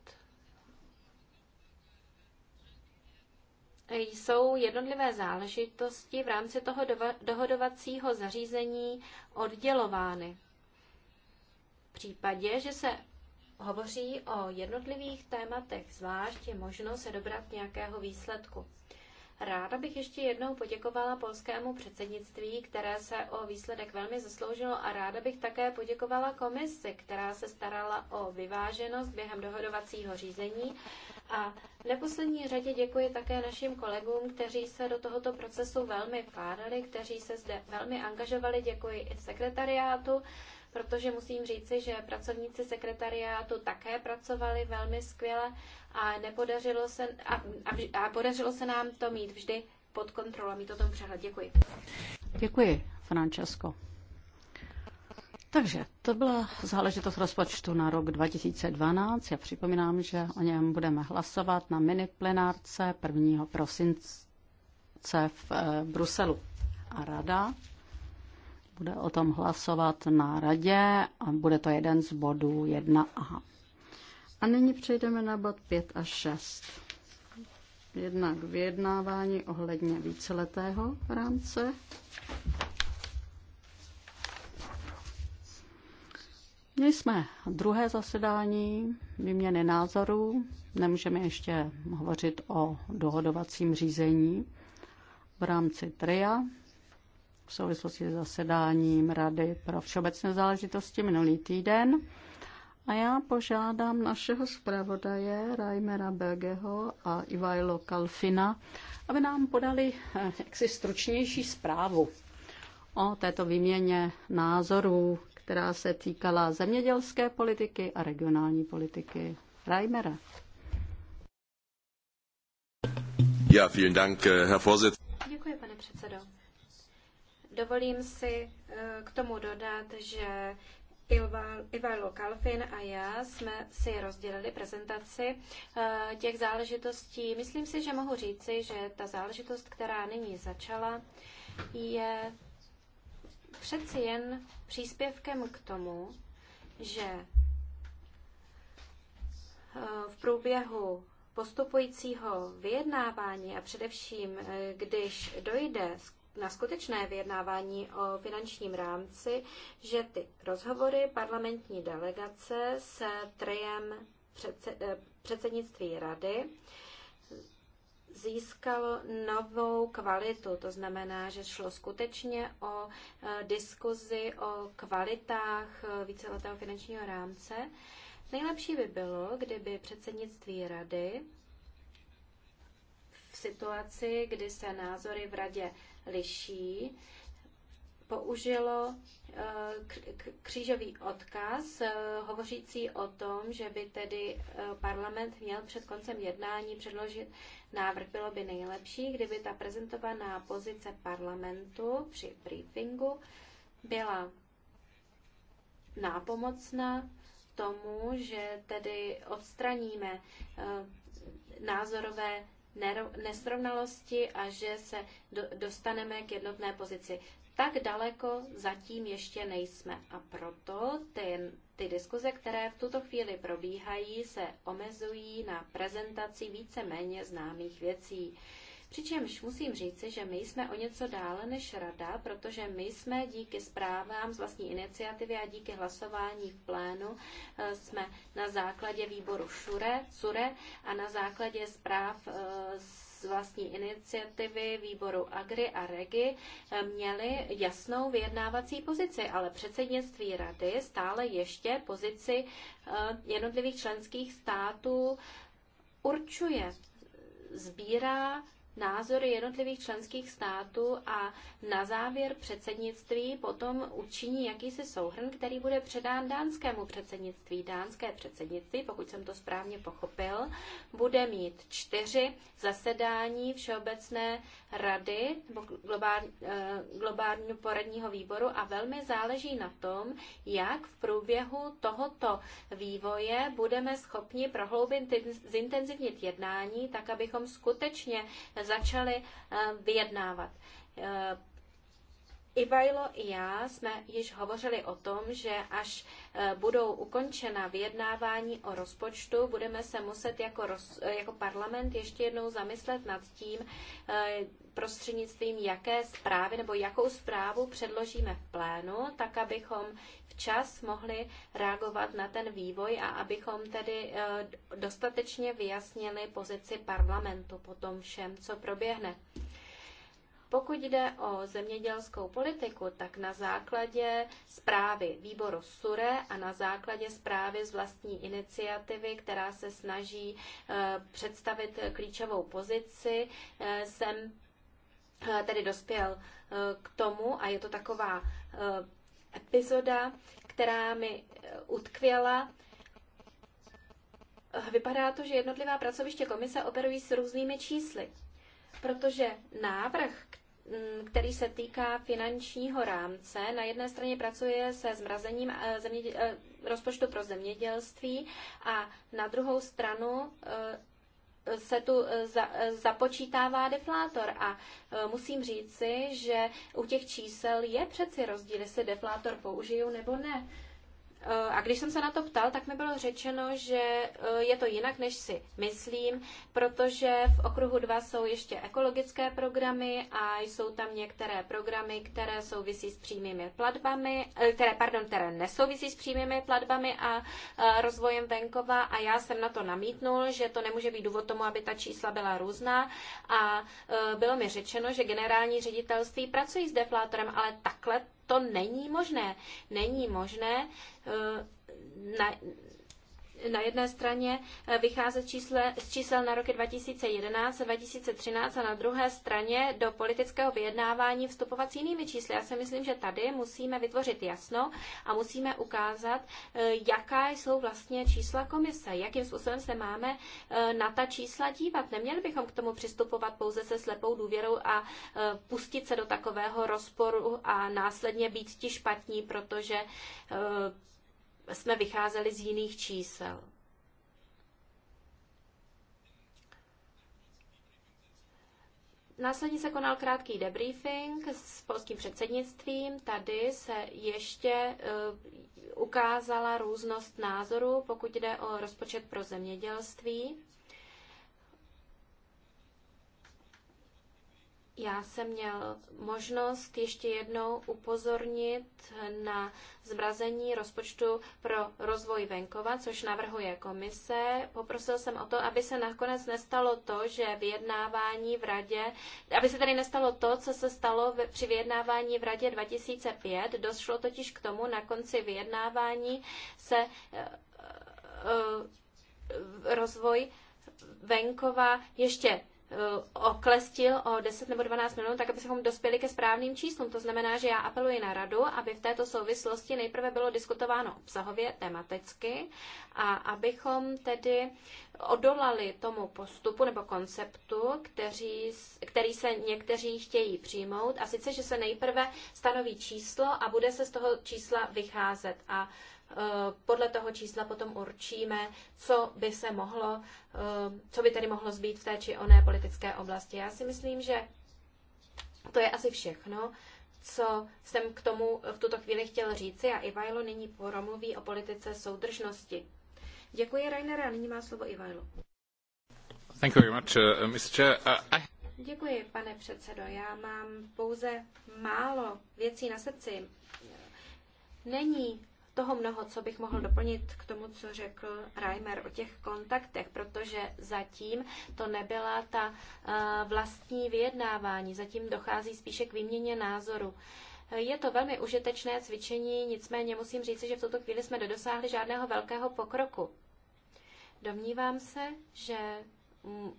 jsou jednotlivé záležitosti v rámci toho dohodovacího zařízení oddělovány. V případě, že se hovoří o jednotlivých tématech zvlášť, je možno se dobrat nějakého výsledku. Ráda bych ještě jednou poděkovala polskému předsednictví, které se o výsledek velmi zasloužilo a ráda bych také poděkovala komisi, která se starala o vyváženost během dohodovacího řízení. A v neposlední řadě děkuji také našim kolegům, kteří se do tohoto procesu velmi vkládali, kteří se zde velmi angažovali. Děkuji i sekretariátu protože musím říci, že pracovníci sekretariátu také pracovali velmi skvěle a nepodařilo se, a, a, a podařilo se nám to mít vždy pod kontrolou, mít o tom přehled. Děkuji. Děkuji, Francesco. Takže to byla záležitost rozpočtu na rok 2012. Já připomínám, že o něm budeme hlasovat na mini plenárce 1. prosince eh, v Bruselu. A rada bude o tom hlasovat na radě a bude to jeden z bodů 1a. A nyní přejdeme na bod 5 a 6. Jednak vyjednávání ohledně víceletého rámce. Měli jsme druhé zasedání výměny názorů. Nemůžeme ještě hovořit o dohodovacím řízení v rámci TRIA v souvislosti s zasedáním Rady pro všeobecné záležitosti minulý týden. A já požádám našeho zpravodaje Raimera Belgeho a Ivajlo Kalfina, aby nám podali eh, jaksi stručnější zprávu o této výměně názorů, která se týkala zemědělské politiky a regionální politiky. Reimera. Ja, vielen Dank, eh, Herr Vorsitz. Děkuji, pane předsedo. Dovolím si eh, k tomu dodat, že Ivalo Kalfin a já jsme si rozdělili prezentaci eh, těch záležitostí. Myslím si, že mohu říci, že ta záležitost, která nyní začala, je přeci jen příspěvkem k tomu, že eh, v průběhu postupujícího vyjednávání a především, když dojde na skutečné vyjednávání o finančním rámci, že ty rozhovory parlamentní delegace s trejem eh, předsednictví rady získalo novou kvalitu. To znamená, že šlo skutečně o eh, diskuzi o kvalitách eh, víceletého finančního rámce. Nejlepší by bylo, kdyby předsednictví rady v situaci, kdy se názory v radě liší, použilo eh, křížový odkaz, eh, hovořící o tom, že by tedy eh, parlament měl před koncem jednání předložit návrh. Bylo by nejlepší, kdyby ta prezentovaná pozice parlamentu při briefingu byla nápomocna tomu, že tedy odstraníme názorové nesrovnalosti a že se dostaneme k jednotné pozici. Tak daleko zatím ještě nejsme a proto ty, ty diskuze, které v tuto chvíli probíhají, se omezují na prezentaci více méně známých věcí. Přičemž musím říci, že my jsme o něco dále než rada, protože my jsme díky zprávám z vlastní iniciativy a díky hlasování v plénu eh, jsme na základě výboru Šure, Cure a na základě zpráv eh, z vlastní iniciativy výboru Agri a Regi eh, měli jasnou vyjednávací pozici, ale předsednictví rady stále ještě pozici jednotlivých členských států určuje, sbírá názory jednotlivých členských států a na závěr předsednictví potom učiní jakýsi souhrn, který bude předán dánskému předsednictví. Dánské předsednictví, pokud jsem to správně pochopil, bude mít čtyři zasedání všeobecné rady nebo globál, eh, globálního poradního výboru a velmi záleží na tom, jak v průběhu tohoto vývoje budeme schopni prohloubit, zintenzivnit jednání, tak abychom skutečně začali eh, vyjednávat eh, Ivajlo i já jsme již hovořili o tom, že až e, budou ukončena vyjednávání o rozpočtu, budeme se muset jako, roz, e, jako parlament ještě jednou zamyslet nad tím, e, prostřednictvím jaké zprávy nebo jakou zprávu předložíme v plénu, tak abychom včas mohli reagovat na ten vývoj a abychom tedy dostatečně vyjasnili pozici parlamentu po tom všem, co proběhne. Pokud jde o zemědělskou politiku, tak na základě zprávy výboru SURE a na základě zprávy z vlastní iniciativy, která se snaží eh, představit klíčovou pozici, eh, jsem eh, tedy dospěl k tomu a je to taková epizoda, která mi utkvěla. Vypadá to, že jednotlivá pracoviště komise operují s různými čísly, protože návrh Mm, který se týká finančního rámce. Na jedné straně pracuje se zmrazením eh, eh, rozpočtu pro zemědělství a na druhou stranu eh, se tu započítává deflátor a musím říci, že u těch čísel je přeci rozdíl, jestli deflátor použiju nebo ne. Eh, a když jsem se na to ptal, tak mi bylo řečeno, že eh, je to jinak, než si myslím, protože v okruhu 2 jsou ještě ekologické programy a jsou tam některé programy, které souvisí s přímými platbami, eh, které, pardon, které nesouvisí s přímými platbami a rozvojem venkova a já jsem na to namítnul, že to nemůže být důvod tomu, aby ta čísla byla různá a bylo mi řečeno, že generální ředitelství pracují s deflátorem, ale takhle to není možné. Není možné eh, na, na jedné straně eh, vycházet čísle, z čísel na roky 2011 a 2013 a na druhé straně do politického vyjednávání vstupovat s jinými čísly. Já si myslím, že tady musíme vytvořit jasno a musíme ukázat, eh, jaká jsou vlastně čísla komise, jakým způsobem se máme eh, na ta čísla dívat. Neměli bychom k tomu přistupovat pouze se slepou důvěrou a pustit se do takového rozporu a následně být ti špatní, protože jsme vycházeli z jiných čísel. Následně se konal krátký debriefing s polským předsednictvím. Tady se ještě eh, ukázala různost názorů, pokud jde o rozpočet pro zemědělství. Já jsem měl možnost ještě jednou upozornit na zmrazení rozpočtu pro rozvoj venkova, což navrhuje komise. Poprosil jsem o to, aby se nakonec nestalo to, že vyjednávání v radě, aby se tady nestalo to, co se stalo při vyjednávání v radě 2005. Došlo totiž k tomu, na konci vyjednávání se eh, eh, rozvoj venkova ještě Eh, oklestil o 10 nebo 12 milionů, tak abychom dospěli ke správným číslům. To znamená, že já apeluji na radu, aby v této souvislosti nejprve bylo diskutováno obsahově, tematicky a abychom tedy odolali tomu postupu nebo konceptu, který, který se někteří chtějí přijmout a sice, že se nejprve stanoví číslo a bude se z toho čísla vycházet a Eh, podle toho čísla potom určíme, co by se mohlo, eh, co by tedy mohlo zbýt v té či oné politické oblasti. Já si myslím, že to je asi všechno, co jsem k tomu v tuto chvíli chtěl říci a Ivajlo nyní promluví o politice soudržnosti. Děkuji, Rainer, a nyní má slovo Ivajlo. Thank you very much, uh, uh Mr. Chair. Uh, I... Děkuji, pane předsedo. Já mám pouze málo věcí na srdci. Není toho mnoho, co bych mohl doplnit k tomu, co řekl Reimer o těch kontaktech, protože zatím to nebyla ta eh, vlastní vyjednávání, zatím dochází spíše k výměně názoru. Je to velmi užitečné cvičení, nicméně musím říct, že v tuto chvíli jsme nedosáhli žádného velkého pokroku. Domnívám se, že mm,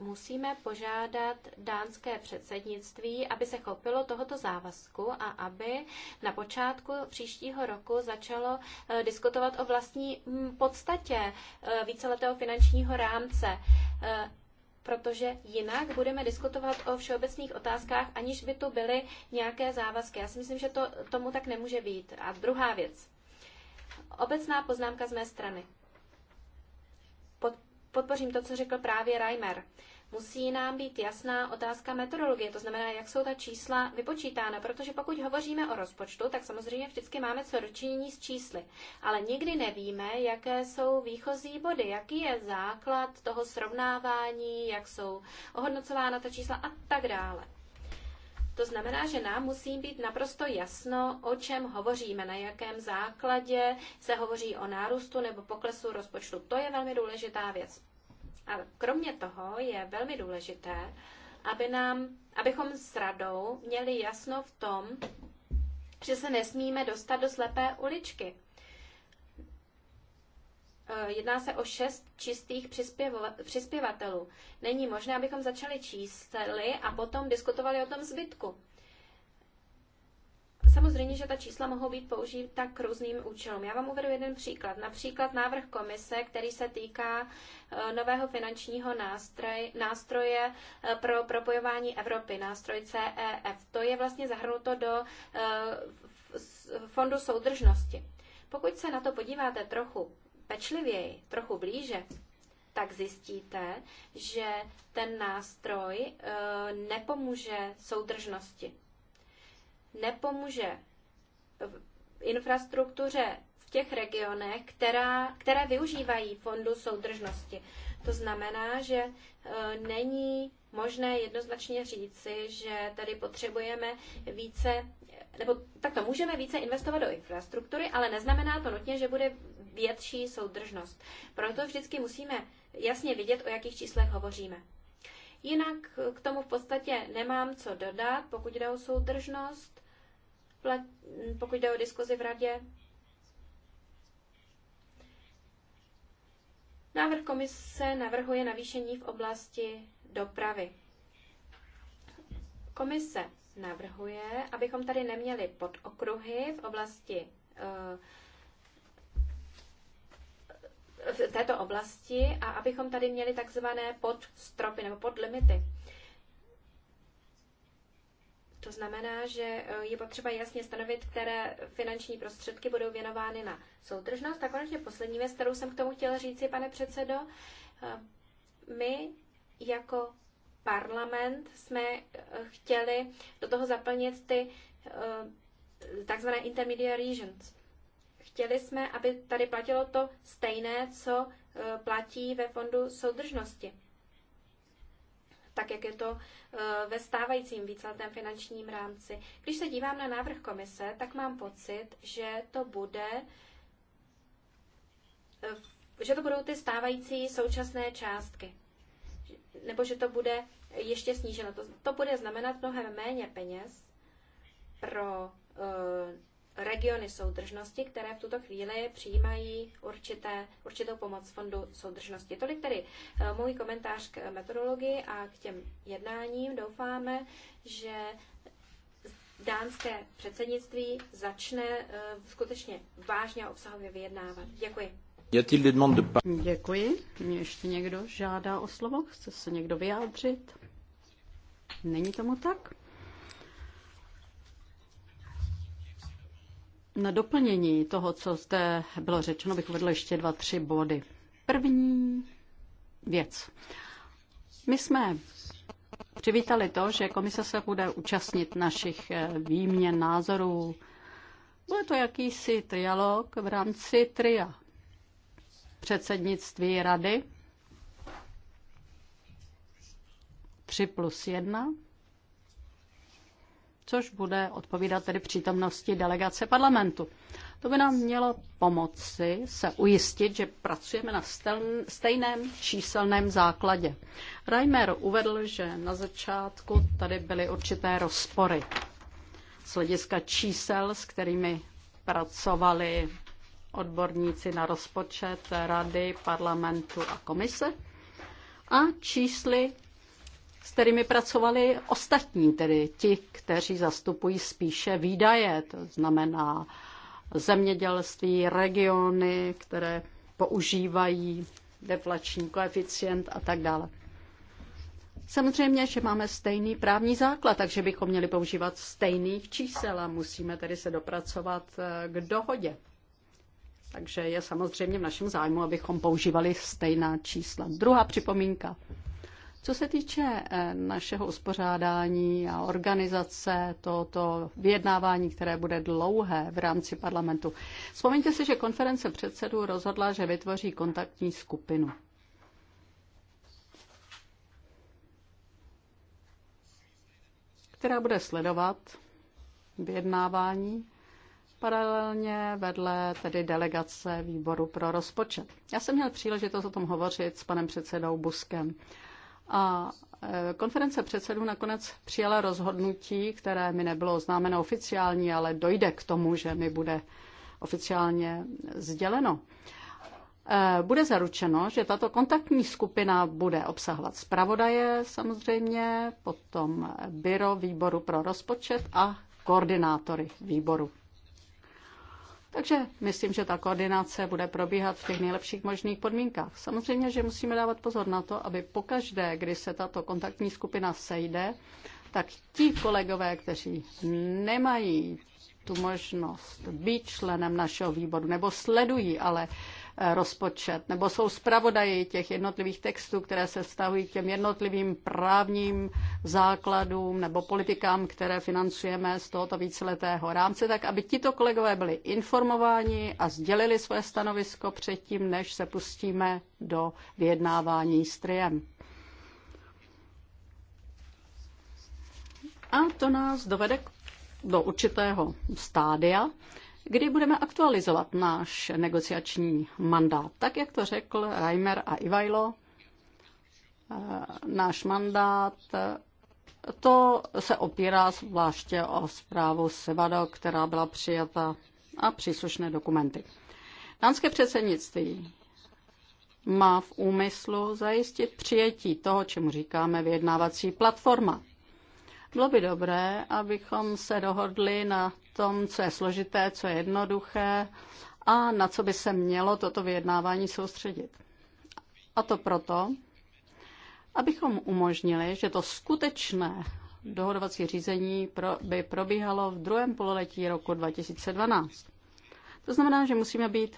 musíme požádat dánské předsednictví, aby se chopilo tohoto závazku a aby na počátku příštího roku začalo eh, diskutovat o vlastní hm, podstatě eh, víceletého finančního rámce eh, protože jinak budeme diskutovat o všeobecných otázkách, aniž by tu byly nějaké závazky. Já si myslím, že to tomu tak nemůže být. A druhá věc. Obecná poznámka z mé strany. Pod podpořím to, co řekl právě Reimer. Musí nám být jasná otázka metodologie, to znamená, jak jsou ta čísla vypočítána, protože pokud hovoříme o rozpočtu, tak samozřejmě vždycky máme co dočinění s čísly, ale nikdy nevíme, jaké jsou výchozí body, jaký je základ toho srovnávání, jak jsou ohodnocována ta čísla a tak dále. To znamená, že nám musí být naprosto jasno, o čem hovoříme, na jakém základě se hovoří o nárůstu nebo poklesu rozpočtu. To je velmi důležitá věc. A kromě toho je velmi důležité, aby nám, abychom s radou měli jasno v tom, že se nesmíme dostat do slepé uličky. Eh, jedná se o šest čistých přispěvatelů. Není možné, abychom začali čísly a potom diskutovali o tom zbytku. Samozřejmě, že ta čísla mohou být použita k různým účelům. Já vám uvedu jeden příklad. Například návrh komise, který se týká eh, nového finančního nástroje, nástroje eh, pro propojování Evropy, nástroj CEF. To je vlastně zahrnuto do fondu soudržnosti. Pokud se na to podíváte trochu pečlivěji, trochu blíže, tak zjistíte, že ten nástroj e, nepomůže soudržnosti. Nepomůže infrastruktuře v těch regionech, která, které využívají fondu soudržnosti. To znamená, že e, není možné jednoznačně říci, že tady potřebujeme více, nebo tak to můžeme více investovat do infrastruktury, ale neznamená to nutně, že bude větší soudržnost. Proto vždycky musíme jasně vidět, o jakých číslech hovoříme. Jinak k tomu v podstatě nemám co dodat, pokud jde o soudržnost, pokud jde o diskuzi v radě. Návrh komise navrhuje navýšení v oblasti dopravy. Komise navrhuje, abychom tady neměli podokruhy v oblasti eh, v této oblasti a abychom tady měli takzvané podstropy nebo podlimity. To znamená, že eh, je potřeba jasně stanovit, které finanční prostředky budou věnovány na soudržnost. A konečně poslední věc, kterou jsem k tomu chtěla říci, pane předsedo, eh, my jako parlament jsme eh, chtěli do toho zaplnit ty takzvané intermediary regions. Chtěli jsme, aby tady platilo to stejné, co e, platí ve fondu soudržnosti. Tak, jak je to e, ve stávajícím víceletém finančním rámci. Když se dívám na návrh komise, tak mám pocit, že to bude e, že to budou ty stávající současné částky. Nebo že to bude ještě sníženo. To, to bude znamenat mnohem méně peněz pro regiony soudržnosti, které v tuto chvíli přijímají určité, určitou pomoc Fondu soudržnosti. Tolik tedy eh, můj komentář k metodologii a k těm jednáním. Doufáme, že dánské předsednictví začne eh, skutečně vážně a obsahově vyjednávat. Děkuji. Děkuji. Mě ještě někdo žádá o slovo? Chce se někdo vyjádřit? Není tomu tak? na doplnění toho, co zde bylo řečeno, bych uvedl ještě dva, tři body. První věc. My jsme přivítali to, že komise se bude účastnit našich eh, výměn názorů. Bude to jakýsi trialog v rámci tria předsednictví rady 3 plus 1 což bude odpovídat tedy přítomnosti delegace parlamentu. To by nám mělo pomoci se ujistit, že pracujeme na stejném číselném základě. Reimer uvedl, že na začátku tady byly určité rozpory z hlediska čísel, s kterými pracovali odborníci na rozpočet Rady, parlamentu a komise a čísly, s kterými pracovali ostatní, tedy ti, kteří zastupují spíše výdaje, to znamená zemědělství, regiony, které používají deflační koeficient a tak dále. Samozřejmě, že máme stejný právní základ, takže bychom měli používat stejných čísel a musíme tedy se dopracovat eh, k dohodě. Takže je samozřejmě v našem zájmu, abychom používali stejná čísla. Druhá připomínka. Co se týče eh, našeho uspořádání a organizace tohoto vyjednávání, které bude dlouhé v rámci parlamentu, vzpomeňte si, že konference předsedů rozhodla, že vytvoří kontaktní skupinu. která bude sledovat vyjednávání paralelně vedle tedy delegace výboru pro rozpočet. Já jsem měl příležitost o tom hovořit s panem předsedou Buskem. A e, konference předsedů nakonec přijala rozhodnutí, které mi nebylo oznámeno oficiálně, ale dojde k tomu, že mi bude oficiálně sděleno. E, bude zaručeno, že tato kontaktní skupina bude obsahovat zpravodaje samozřejmě, potom byro výboru pro rozpočet a koordinátory výboru. Takže myslím, že ta koordinace bude probíhat v těch nejlepších možných podmínkách. Samozřejmě, že musíme dávat pozor na to, aby pokaždé, kdy se tato kontaktní skupina sejde, tak ti kolegové, kteří nemají tu možnost být členem našeho výboru nebo sledují ale rozpočet, nebo jsou zpravodaji těch jednotlivých textů, které se vztahují k těm jednotlivým právním základům nebo politikám, které financujeme z tohoto víceletého rámce, tak aby tito kolegové byli informováni a sdělili své stanovisko předtím, než se pustíme do vyjednávání s triem. A to nás dovede do určitého stádia, kdy budeme aktualizovat náš negociační mandát. Tak, jak to řekl Reimer a Ivajlo, eh, náš mandát eh, to se opírá zvláště o zprávu Sevado, která byla přijata a příslušné dokumenty. Dánské předsednictví má v úmyslu zajistit přijetí toho, čemu říkáme vyjednávací platforma. Bylo by dobré, abychom se dohodli na tom, co je složité, co je jednoduché a na co by se mělo toto vyjednávání soustředit. A to proto, abychom umožnili, že to skutečné dohodovací řízení by probíhalo v druhém pololetí roku 2012. To znamená, že musíme být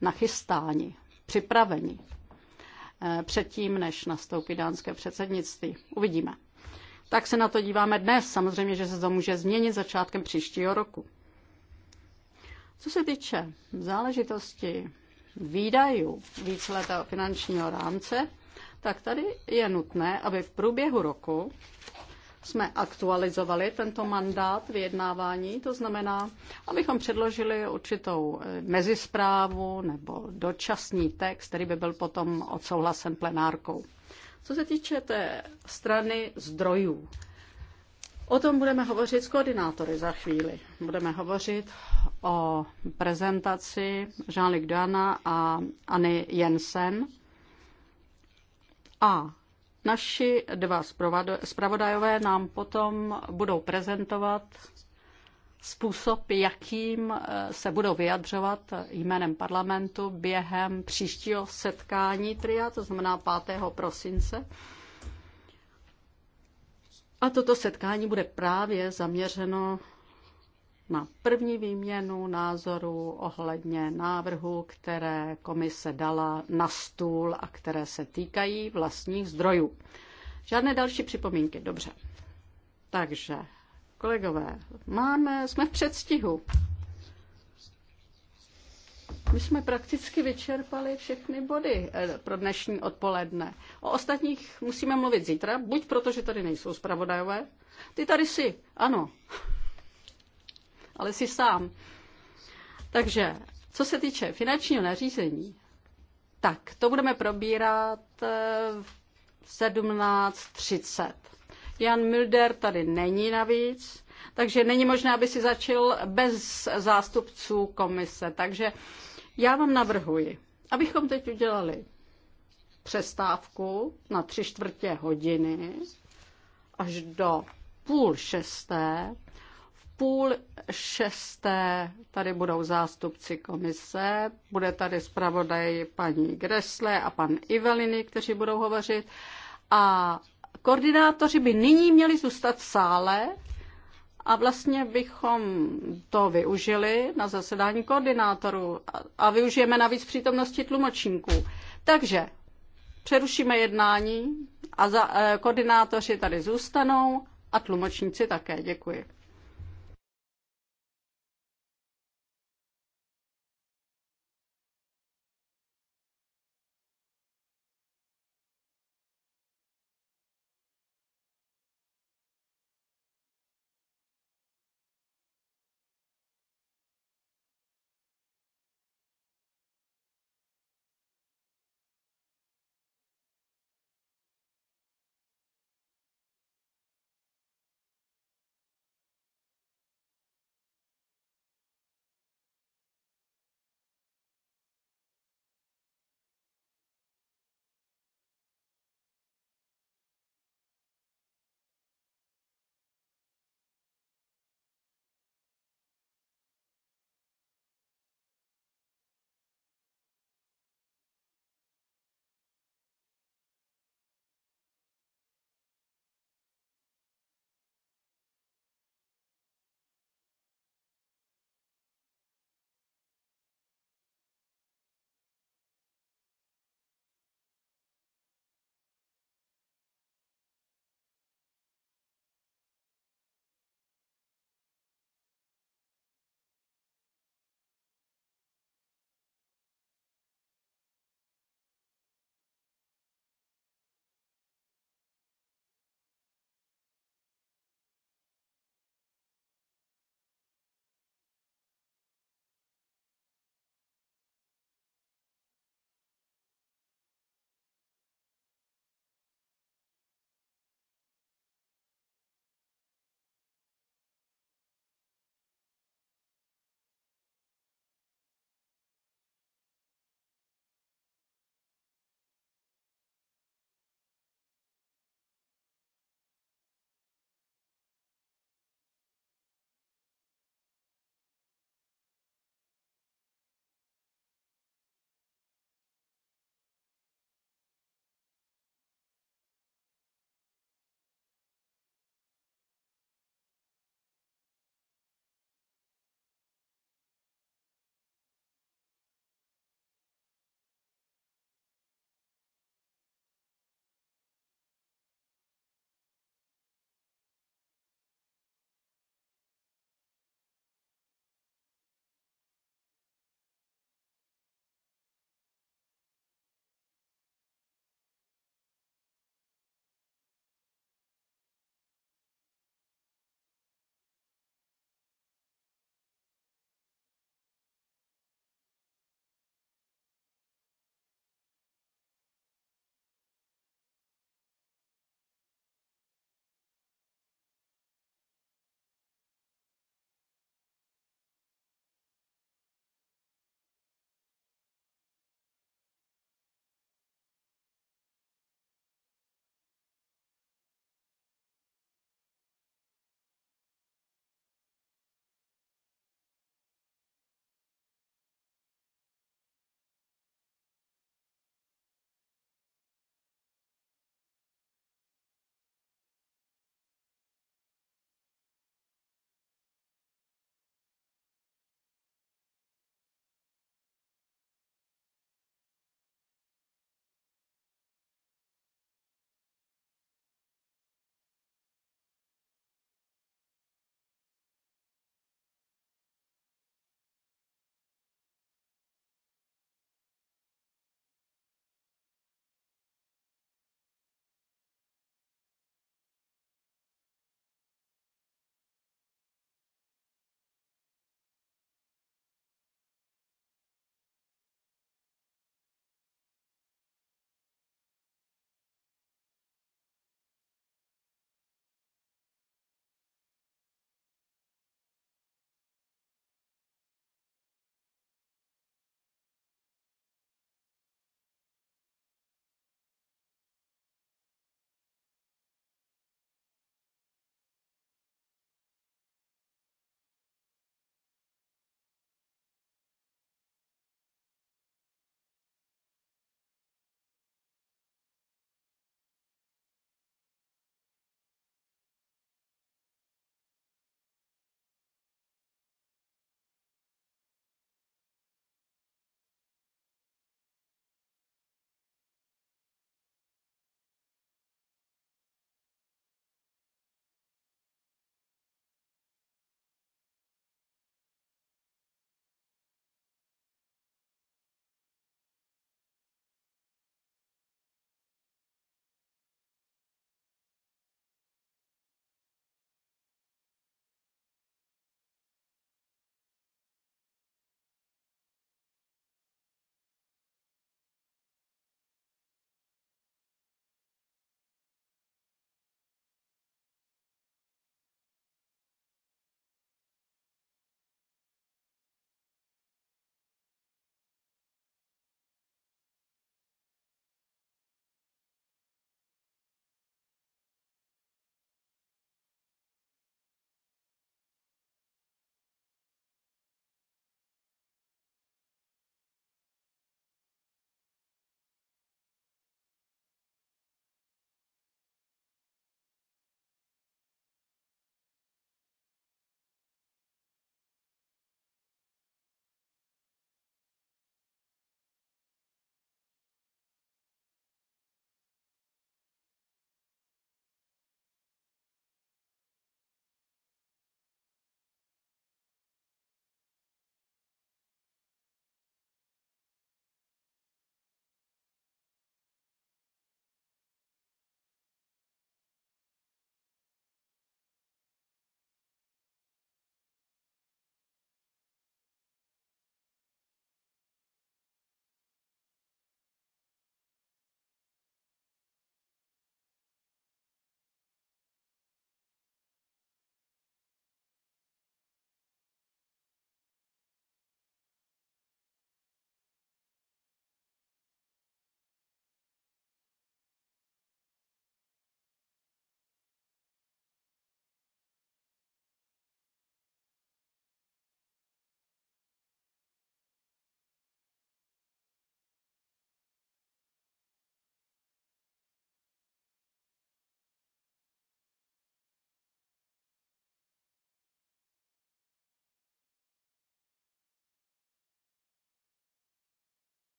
nachystáni, připraveni eh, předtím, než nastoupí dánské předsednictví. Uvidíme tak se na to díváme dnes. Samozřejmě, že se to může změnit začátkem příštího roku. Co se týče záležitosti výdajů víceletého finančního rámce, tak tady je nutné, aby v průběhu roku jsme aktualizovali tento mandát vyjednávání, to znamená, abychom předložili určitou eh, mezisprávu nebo dočasný text, který by byl potom odsouhlasen plenárkou. Co se týče té strany zdrojů, o tom budeme hovořit s koordinátory za chvíli. Budeme hovořit o prezentaci Jean-Luc Dana a Anny Jensen. A naši dva zpravodajové nám potom budou prezentovat způsob, jakým eh, se budou vyjadřovat jménem parlamentu během příštího setkání TRIA, to znamená 5. prosince. A toto setkání bude právě zaměřeno na první výměnu názorů ohledně návrhu, které komise dala na stůl a které se týkají vlastních zdrojů. Žádné další připomínky, dobře. Takže Kolegové, máme, jsme v předstihu. My jsme prakticky vyčerpali všechny body eh, pro dnešní odpoledne. O ostatních musíme mluvit zítra, buď proto, že tady nejsou zpravodajové. Ty tady jsi, ano. Ale jsi sám. Takže, co se týče finančního nařízení, tak to budeme probírat eh, v 17.30. Jan Mulder tady není navíc, takže není možné, aby si začal bez zástupců komise. Takže já vám navrhuji, abychom teď udělali přestávku na tři čtvrtě hodiny až do půl šesté. V půl šesté tady budou zástupci komise, bude tady zpravodaj paní Gresle a pan Iveliny, kteří budou hovořit. A koordinátoři by nyní měli zůstat v sále a vlastně bychom to využili na zasedání koordinátorů a využijeme navíc přítomnosti tlumočníků. Takže přerušíme jednání a za, eh, koordinátoři tady zůstanou a tlumočníci také. Děkuji.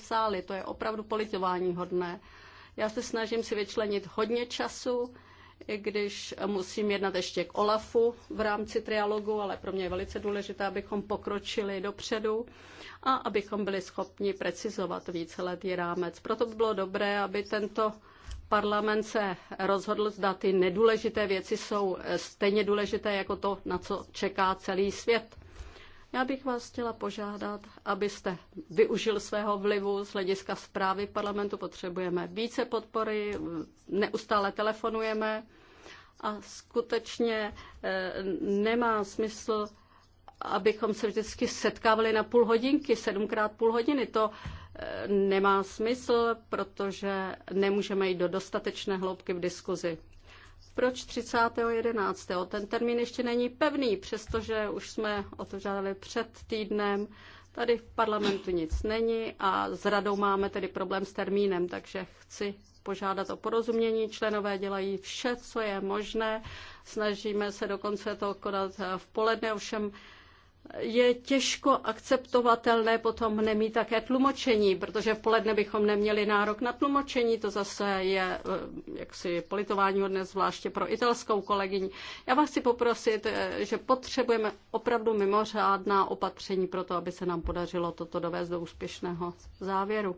psali, To je opravdu politování hodné. Já se snažím si vyčlenit hodně času, i když musím jednat ještě k OLAFu v rámci trialogu, ale pro mě je velice důležité, abychom pokročili dopředu a abychom byli schopni precizovat víceletý rámec. Proto by bylo dobré, aby tento parlament se rozhodl, zda ty nedůležité věci jsou stejně důležité jako to, na co čeká celý svět. Já bych vás chtěla požádat, abyste využil svého vlivu z hlediska zprávy parlamentu. Potřebujeme více podpory, neustále telefonujeme a skutečně eh, nemá smysl, abychom se vždycky setkávali na půl hodinky, sedmkrát půl hodiny. To eh, nemá smysl, protože nemůžeme jít do dostatečné hloubky v diskuzi proč 30.11. Ten termín ještě není pevný, přestože už jsme o to žádali před týdnem. Tady v parlamentu nic není a s radou máme tedy problém s termínem, takže chci požádat o porozumění. Členové dělají vše, co je možné. Snažíme se dokonce to konat v poledne, ovšem je těžko akceptovatelné potom nemít také tlumočení, protože v poledne bychom neměli nárok na tlumočení, to zase je eh, jaksi politování hodné zvláště pro italskou kolegyni. Já vás chci poprosit, eh, že potřebujeme opravdu mimořádná opatření pro to, aby se nám podařilo toto dovést do úspěšného závěru.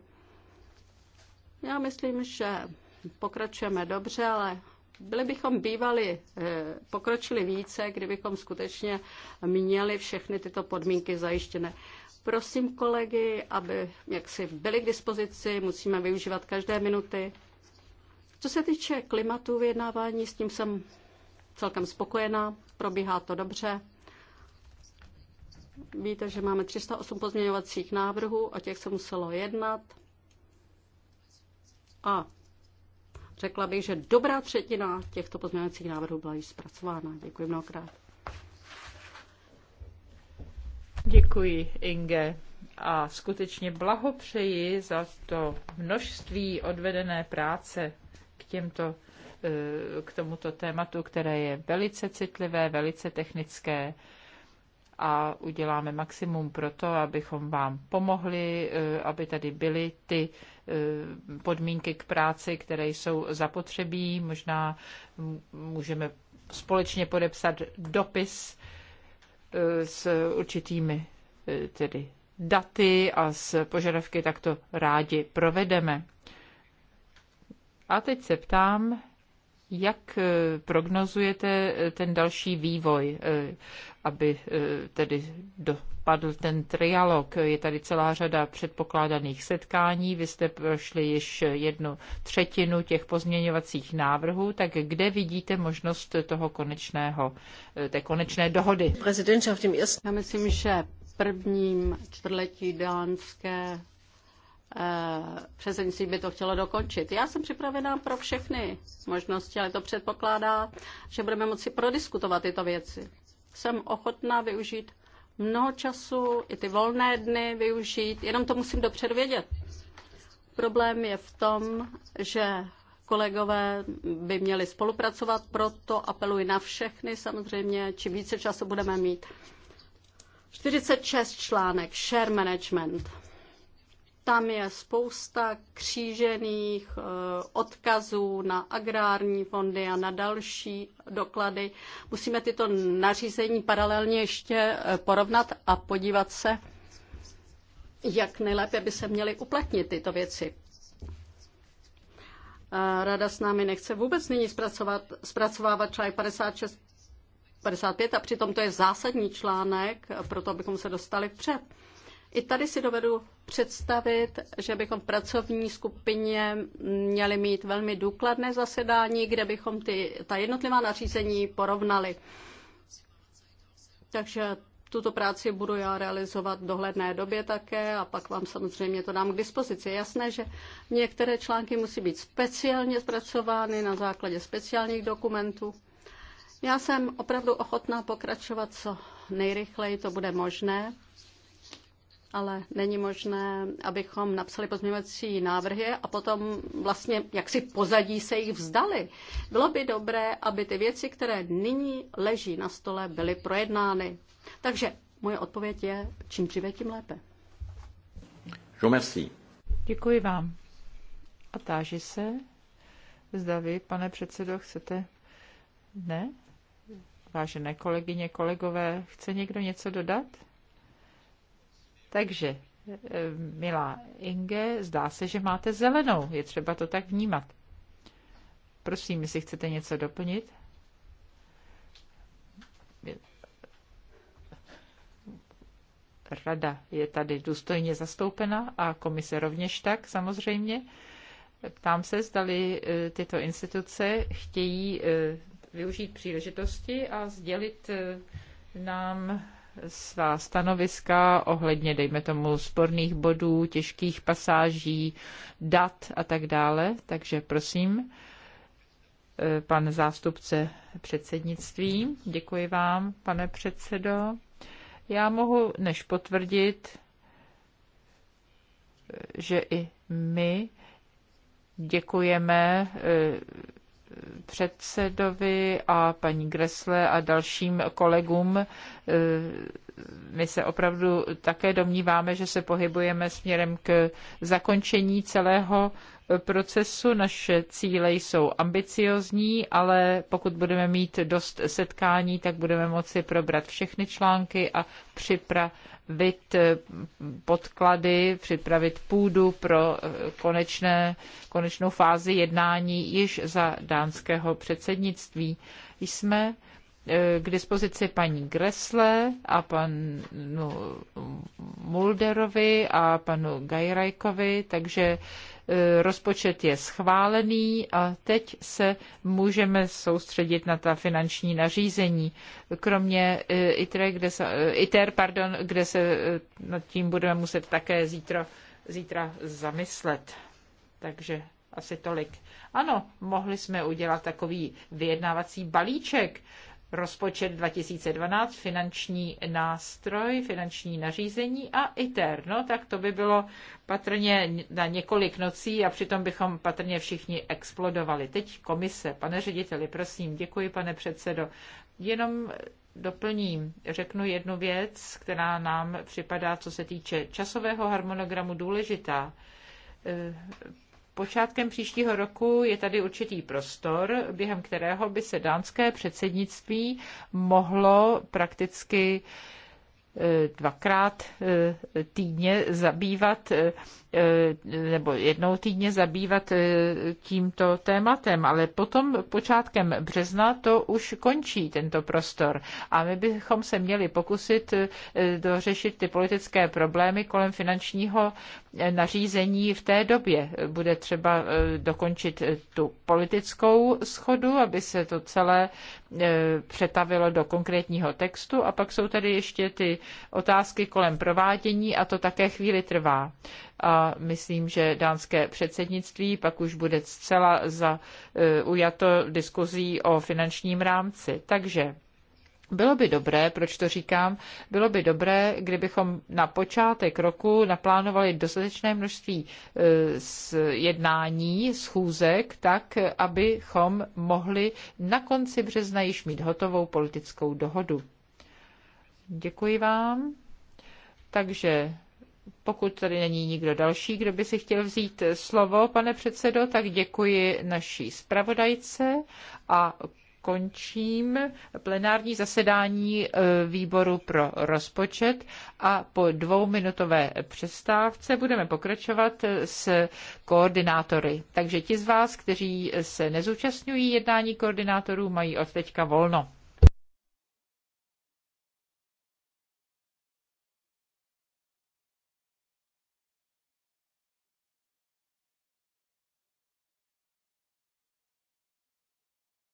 Já myslím, že pokračujeme dobře, ale byli bychom bývali, eh, pokročili více, kdybychom skutečně měli všechny tyto podmínky zajištěné. Prosím kolegy, aby jaksi byli k dispozici, musíme využívat každé minuty. Co se týče klimatu vyjednávání, s tím jsem celkem spokojená, probíhá to dobře. Víte, že máme 308 pozměňovacích návrhů, o těch se muselo jednat. A Řekla bych, že dobrá třetina těchto pozměňovacích návrhů byla již zpracována. Děkuji mnohokrát. Děkuji, Inge. A skutečně blahopřeji za to množství odvedené práce k těmto eh, k tomuto tématu, které je velice citlivé, velice technické a uděláme maximum pro to, abychom vám pomohli, eh, aby tady byly ty eh, podmínky k práci, které jsou zapotřebí. Možná můžeme společně podepsat dopis eh, s určitými tedy daty a s požadavky takto rádi provedeme. A teď se ptám, jak eh, prognozujete eh, ten další vývoj, eh, aby tedy dopadl ten trialog? Je tady celá řada předpokládaných setkání. Vy jste prošli již jednu třetinu těch pozměňovacích návrhů, tak kde vidíte možnost toho konečného, té konečné dohody? Já myslím, že prvním čtvrtletí dánské Eh, předsednictví by to chtělo dokončit. Já jsem připravená pro všechny možnosti, ale to předpokládá, že budeme moci prodiskutovat tyto věci. Jsem ochotná využít mnoho času, i ty volné dny využít, jenom to musím dopředu vědět. Problém je v tom, že kolegové by měli spolupracovat, proto apeluji na všechny samozřejmě, Či více času budeme mít. 46 článek, share management. Tam je spousta křížených eh, odkazů na agrární fondy a na další doklady. Musíme tyto nařízení paralelně ještě eh, porovnat a podívat se, jak nejlépe by se měly uplatnit tyto věci. Eh, Rada s námi nechce vůbec nyní zpracovat, zpracovávat článek 56, 55 a přitom to je zásadní článek, proto abychom se dostali vpřed. I tady si dovedu představit, že bychom v pracovní skupině měli mít velmi důkladné zasedání, kde bychom ty, ta jednotlivá nařízení porovnali. Takže tuto práci budu já realizovat v dohledné době také a pak vám samozřejmě to dám k dispozici. Je jasné, že některé články musí být speciálně zpracovány na základě speciálních dokumentů. Já jsem opravdu ochotná pokračovat co nejrychleji to bude možné ale není možné, abychom napsali pozměňovací návrhy a potom vlastně jaksi pozadí se jich vzdali. Bylo by dobré, aby ty věci, které nyní leží na stole, byly projednány. Takže moje odpověď je, čím dříve, tím lépe. Děkuji vám. A táži se, zda vy, pane předsedo, chcete... Ne? Vážené kolegyně, kolegové, chce někdo něco dodat? Takže, eh, milá Inge, zdá se, že máte zelenou. Je třeba to tak vnímat. Prosím, jestli chcete něco doplnit. Rada je tady důstojně zastoupena a komise rovněž tak samozřejmě. Ptám se, zdali eh, tyto instituce chtějí eh, využít příležitosti a sdělit nám svá stanoviska ohledně, dejme tomu, sporných bodů, těžkých pasáží, dat a tak dále. Takže prosím, eh, pan zástupce předsednictví. Děkuji vám, pane předsedo. Já mohu než potvrdit, eh, že i my děkujeme eh, předsedovi a paní Gresle a dalším kolegům. E, my se opravdu také domníváme, že se pohybujeme směrem k zakončení celého procesu. Naše cíle jsou ambiciozní, ale pokud budeme mít dost setkání, tak budeme moci probrat všechny články a připravit vit eh, podklady, připravit půdu pro eh, konečné, konečnou fázi jednání již za dánského předsednictví. Jsme eh, k dispozici paní Gresle a panu Mulderovi a panu Gajrajkovi, takže E, rozpočet je schválený a teď se můžeme soustředit na ta finanční nařízení. Kromě e, ITER, kde se, e, ITER pardon, kde se nad tím budeme muset také zítra, zítra zamyslet. Takže asi tolik. Ano, mohli jsme udělat takový vyjednávací balíček rozpočet 2012, finanční nástroj, finanční nařízení a ITER. No, tak to by bylo patrně na několik nocí a přitom bychom patrně všichni explodovali. Teď komise, pane řediteli, prosím, děkuji, pane předsedo. Jenom doplním, řeknu jednu věc, která nám připadá, co se týče časového harmonogramu, důležitá Počátkem příštího roku je tady určitý prostor, během kterého by se dánské předsednictví mohlo prakticky uh, dvakrát eh, týdně zabývat eh, eh, nebo jednou týdně zabývat tímto tématem, ale potom počátkem března to už končí tento prostor a my bychom se měli pokusit dořešit ty politické problémy kolem finančního nařízení v té době. Bude třeba dokončit tu politickou schodu, aby se to celé E, přetavilo do konkrétního textu. A pak jsou tady ještě ty otázky kolem provádění a to také chvíli trvá. A myslím, že dánské předsednictví pak už bude zcela e, ujato diskuzí o finančním rámci. Takže bylo by dobré, proč to říkám, bylo by dobré, kdybychom na počátek roku naplánovali dostatečné množství e, jednání, schůzek, tak, abychom mohli na konci března již mít hotovou politickou dohodu. Děkuji vám. Takže pokud tady není nikdo další, kdo by si chtěl vzít slovo, pane předsedo, tak děkuji naší zpravodajce a končím plenární zasedání e, výboru pro rozpočet a po dvouminutové přestávce budeme pokračovat e, s koordinátory. Takže ti z vás, kteří se nezúčastňují jednání koordinátorů, mají od teďka volno.